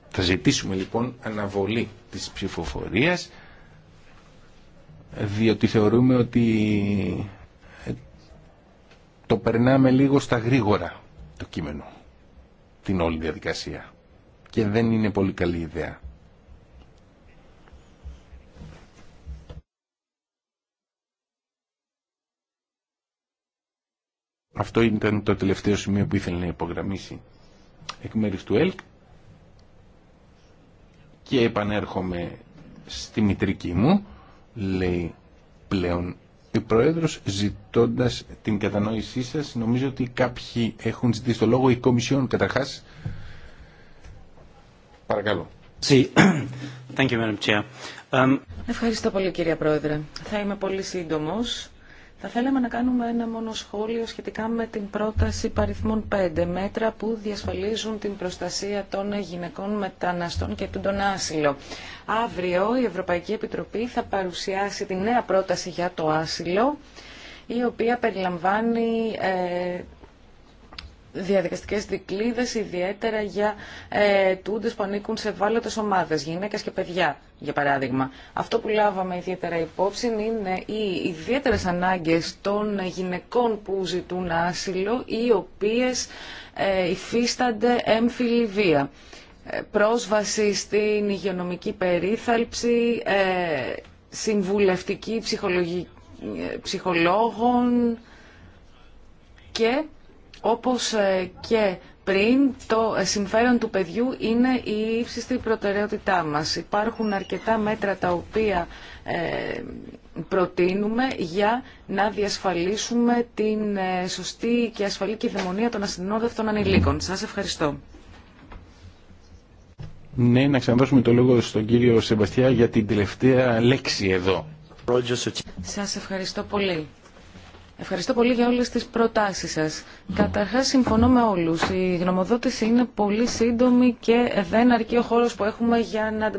Θα ζητήσουμε λοιπόν αναβολή της ψηφοφορίας διότι θεωρούμε ότι ε, το περνάμε λίγο στα γρήγορα το κείμενο, την όλη διαδικασία και δεν είναι πολύ καλή ιδέα. Αυτό ήταν το τελευταίο σημείο που ήθελε να υπογραμμίσει εκ μέρους του ΕΛΚ και επανέρχομαι στη μητρική μου λέει πλέον η Πρόεδρος ζητώντας την κατανόησή σας. Νομίζω ότι κάποιοι έχουν ζητήσει το λόγο, η Κομισιόν καταρχάς. Παρακαλώ. Thank you, Madam Chair. Um... Ευχαριστώ πολύ κύριε Πρόεδρε. Θα είμαι πολύ σύντομος. Θα θέλαμε να κάνουμε ένα μόνο σχόλιο σχετικά με την πρόταση παριθμών 5, μέτρα που διασφαλίζουν την προστασία των γυναικών μεταναστών και τον άσυλο. Αύριο η Ευρωπαϊκή Επιτροπή θα παρουσιάσει τη νέα πρόταση για το άσυλο, η οποία περιλαμβάνει ε, διαδικαστικές δικλίδες, ιδιαίτερα για ε, τούντες που ανήκουν σε ευάλωτες ομάδες, γυναίκες και παιδιά για παράδειγμα. Αυτό που λάβαμε ιδιαίτερα υπόψη είναι οι ιδιαίτερες ανάγκες των γυναικών που ζητούν άσυλο οι οποίες ε, υφίστανται έμφυλη βία. Ε, πρόσβαση στην υγειονομική περίθαλψη, ε, συμβουλευτική ε, ψυχολόγων και όπως ε, και πριν, το ε, συμφέρον του παιδιού είναι η ύψιστη προτεραιότητά μας. Υπάρχουν αρκετά μέτρα τα οποία ε, προτείνουμε για να διασφαλίσουμε την σωστή και ασφαλή κυδαιμονία των ασυνόδευτων ανηλίκων. Σας ευχαριστώ. Ναι, να ξαναδώσουμε το λόγο στον κύριο Σεμπαστιά για την τελευταία λέξη εδώ. Σας ευχαριστώ πολύ. Ευχαριστώ πολύ για όλες τις προτάσεις σας. Καταρχάς συμφωνώ με όλους. Η γνωμοδότηση είναι πολύ σύντομη και δεν αρκεί ο χώρος που έχουμε για να,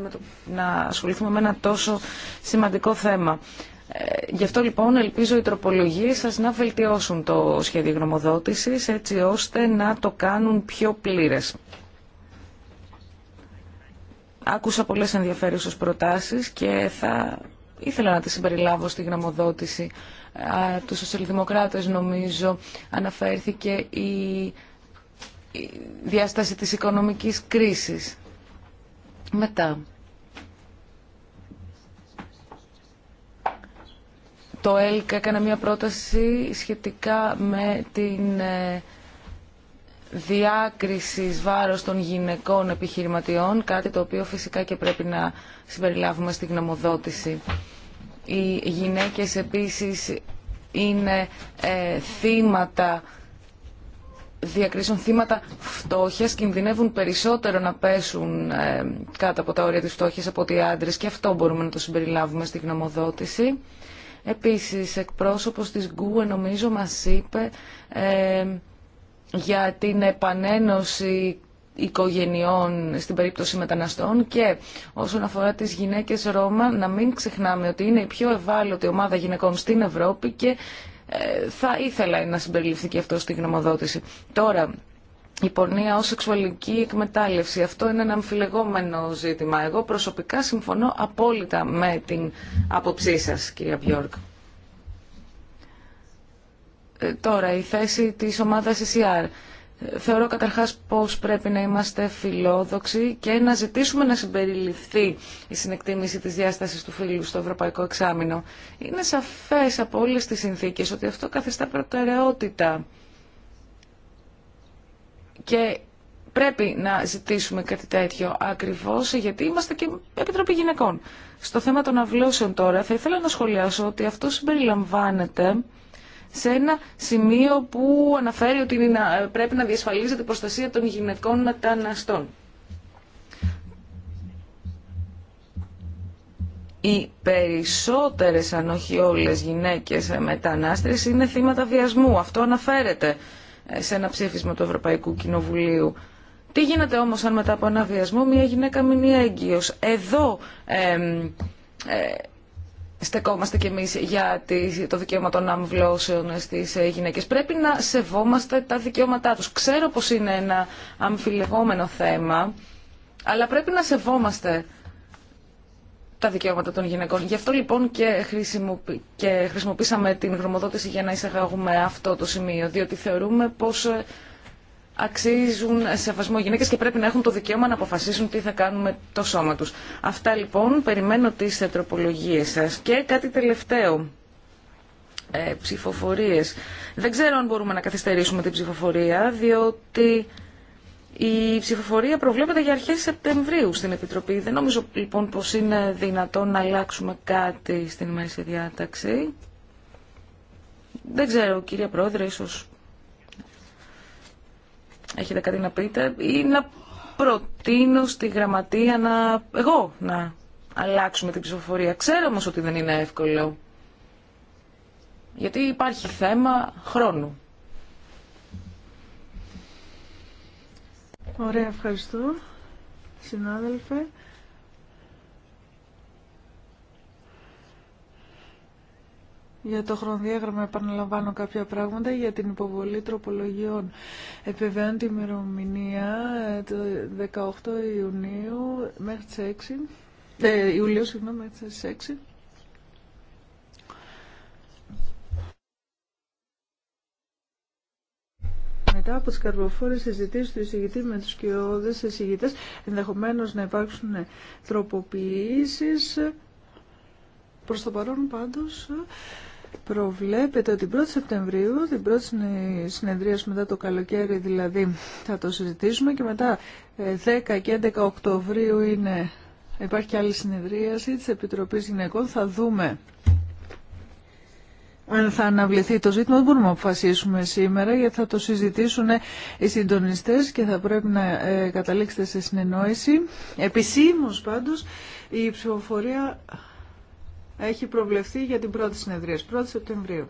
να ασχοληθούμε με ένα τόσο σημαντικό θέμα. Ε, γι' αυτό λοιπόν ελπίζω οι τροπολογίες σας να βελτιώσουν το σχέδιο γνωμοδότησης έτσι ώστε να το κάνουν πιο πλήρες. Άκουσα πολλές ενδιαφέρουσες προτάσεις και θα ήθελα να τις συμπεριλάβω στη γνωμοδότηση τους σοσιαλδημοκράτες νομίζω αναφέρθηκε η διάσταση της οικονομικής κρίσης. Μετά. Το ΕΛΚ έκανε μια πρόταση σχετικά με την ε, διάκριση βάρος των γυναικών επιχειρηματιών, κάτι το οποίο φυσικά και πρέπει να συμπεριλάβουμε στη γνωμοδότηση. Οι γυναίκες επίσης είναι ε, θύματα διακρίσεων, θύματα φτώχειας, κινδυνεύουν περισσότερο να πέσουν ε, κάτω από τα όρια της φτώχειας από ότι οι άντρες και αυτό μπορούμε να το συμπεριλάβουμε στη γνωμοδότηση. Επίσης, εκπρόσωπος της Γκουε νομίζω μας είπε ε, για την επανένωση οικογενειών στην περίπτωση μεταναστών και όσον αφορά τις γυναίκες Ρώμα να μην ξεχνάμε ότι είναι η πιο ευάλωτη ομάδα γυναικών στην Ευρώπη και ε, θα ήθελα να συμπεριληφθεί και αυτό στη γνωμοδότηση. Τώρα, η πορνεία ως σεξουαλική εκμετάλλευση, αυτό είναι ένα αμφιλεγόμενο ζήτημα. Εγώ προσωπικά συμφωνώ απόλυτα με την άποψή σας, κυρία Μπιόρκ. Ε, τώρα, η θέση της ομάδας ECR. Θεωρώ καταρχάς πως πρέπει να είμαστε φιλόδοξοι και να ζητήσουμε να συμπεριληφθεί η συνεκτίμηση της διάστασης του φίλου στο Ευρωπαϊκό Εξάμεινο. Είναι σαφές από όλες τις συνθήκες ότι αυτό καθιστά προτεραιότητα και πρέπει να ζητήσουμε κάτι τέτοιο ακριβώς γιατί είμαστε και Επιτροπή Γυναικών. Στο θέμα των αυλώσεων τώρα θα ήθελα να σχολιάσω ότι αυτό συμπεριλαμβάνεται σε ένα σημείο που αναφέρει ότι ε, πρέπει να διασφαλίζεται η προστασία των γυναικών μεταναστών. Οι περισσότερες, αν όχι όλες, γυναίκες μετανάστες είναι θύματα βιασμού. Αυτό αναφέρεται ε, σε ένα ψήφισμα του Ευρωπαϊκού Κοινοβουλίου. Τι γίνεται όμως αν μετά από ένα βιασμό μια γυναίκα μείνει έγκυος. Εδώ ε, στεκόμαστε κι εμείς για το δικαίωμα των αμβλώσεων στις ε, γυναίκες. Πρέπει να σεβόμαστε τα δικαιώματά τους. Ξέρω πως είναι ένα αμφιλεγόμενο θέμα, αλλά πρέπει να σεβόμαστε τα δικαιώματα των γυναικών. Γι' αυτό λοιπόν και, χρησιμοποίησαμε την γνωμοδότηση για να εισαγάγουμε αυτό το σημείο, διότι θεωρούμε πως ε, αξίζουν σεβασμό γυναίκες και πρέπει να έχουν το δικαίωμα να αποφασίσουν τι θα κάνουν με το σώμα τους. Αυτά λοιπόν, περιμένω τις τροπολογίες σας. Και κάτι τελευταίο, ε, ψηφοφορίες. Δεν ξέρω αν μπορούμε να καθυστερήσουμε την ψηφοφορία, διότι η ψηφοφορία προβλέπεται για αρχές Σεπτεμβρίου στην Επιτροπή. Δεν νομίζω λοιπόν πως είναι δυνατόν να αλλάξουμε κάτι στην μέση διάταξη. Δεν ξέρω, κυρία Πρόεδρε, ίσως έχετε κάτι να πείτε ή να προτείνω στη γραμματεία να εγώ να αλλάξουμε την ψηφοφορία. Ξέρω όμως ότι δεν είναι εύκολο. Γιατί υπάρχει θέμα χρόνου. Ωραία, ευχαριστώ. Συνάδελφε. Για το χρονοδιάγραμμα επαναλαμβάνω κάποια πράγματα για την υποβολή τροπολογιών. Επιβαίνω τη ημερομηνία ε, το 18 Ιουνίου μέχρι τις 6, ε, Ιουλίου, συγγνώμη, μέχρι τις 6. μετά από τι καρποφόρε συζητήσει του εισηγητή με του κοιόδε εισηγητέ, ενδεχομένω να υπάρξουν τροποποιήσει. Προ το παρόν πάντως προβλέπεται ότι την 1η Σεπτεμβρίου, την πρώτη συνεδρία μετά το καλοκαίρι δηλαδή, θα το συζητήσουμε και μετά 10 ε, και 11 Οκτωβρίου είναι, υπάρχει και άλλη συνεδρίαση της Επιτροπής Γυναικών. Θα δούμε αν θα αναβληθεί το ζήτημα. Δεν μπορούμε να αποφασίσουμε σήμερα γιατί θα το συζητήσουν οι συντονιστές και θα πρέπει να ε, καταλήξετε σε συνεννόηση. Επισήμως πάντως η ψηφοφορία έχει προβλεφθεί για την πρώτη συνεδρία, 1η Σεπτεμβρίου.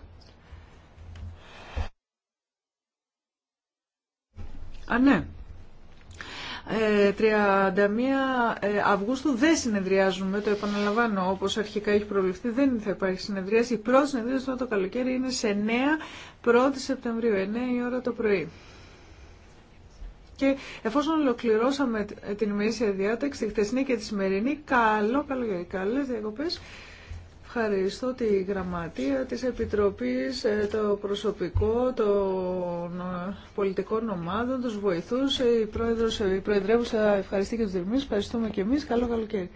Α, ναι. 31 ε, ε, Αυγούστου δεν συνεδριάζουμε, το επαναλαμβάνω όπως αρχικά έχει προβληθεί, δεν θα υπάρχει συνεδρίαση. Η πρώτη συνεδρίαση στο το καλοκαίρι είναι σε 9 1η Σεπτεμβρίου, 9 η ώρα το πρωί. Και εφόσον ολοκληρώσαμε την ημερήσια διάταξη, τη χτεσνή και τη σημερινή, καλό οι καλές διακοπές ευχαριστώ τη Γραμματεία της Επιτροπής, ε, το προσωπικό των ε, πολιτικών ομάδων, τους βοηθούς, ε, η, πρόεδρος, η Προεδρεύουσα ευχαριστεί και τους δημιουργούς, ευχαριστούμε και εμείς. Καλό καλοκαίρι.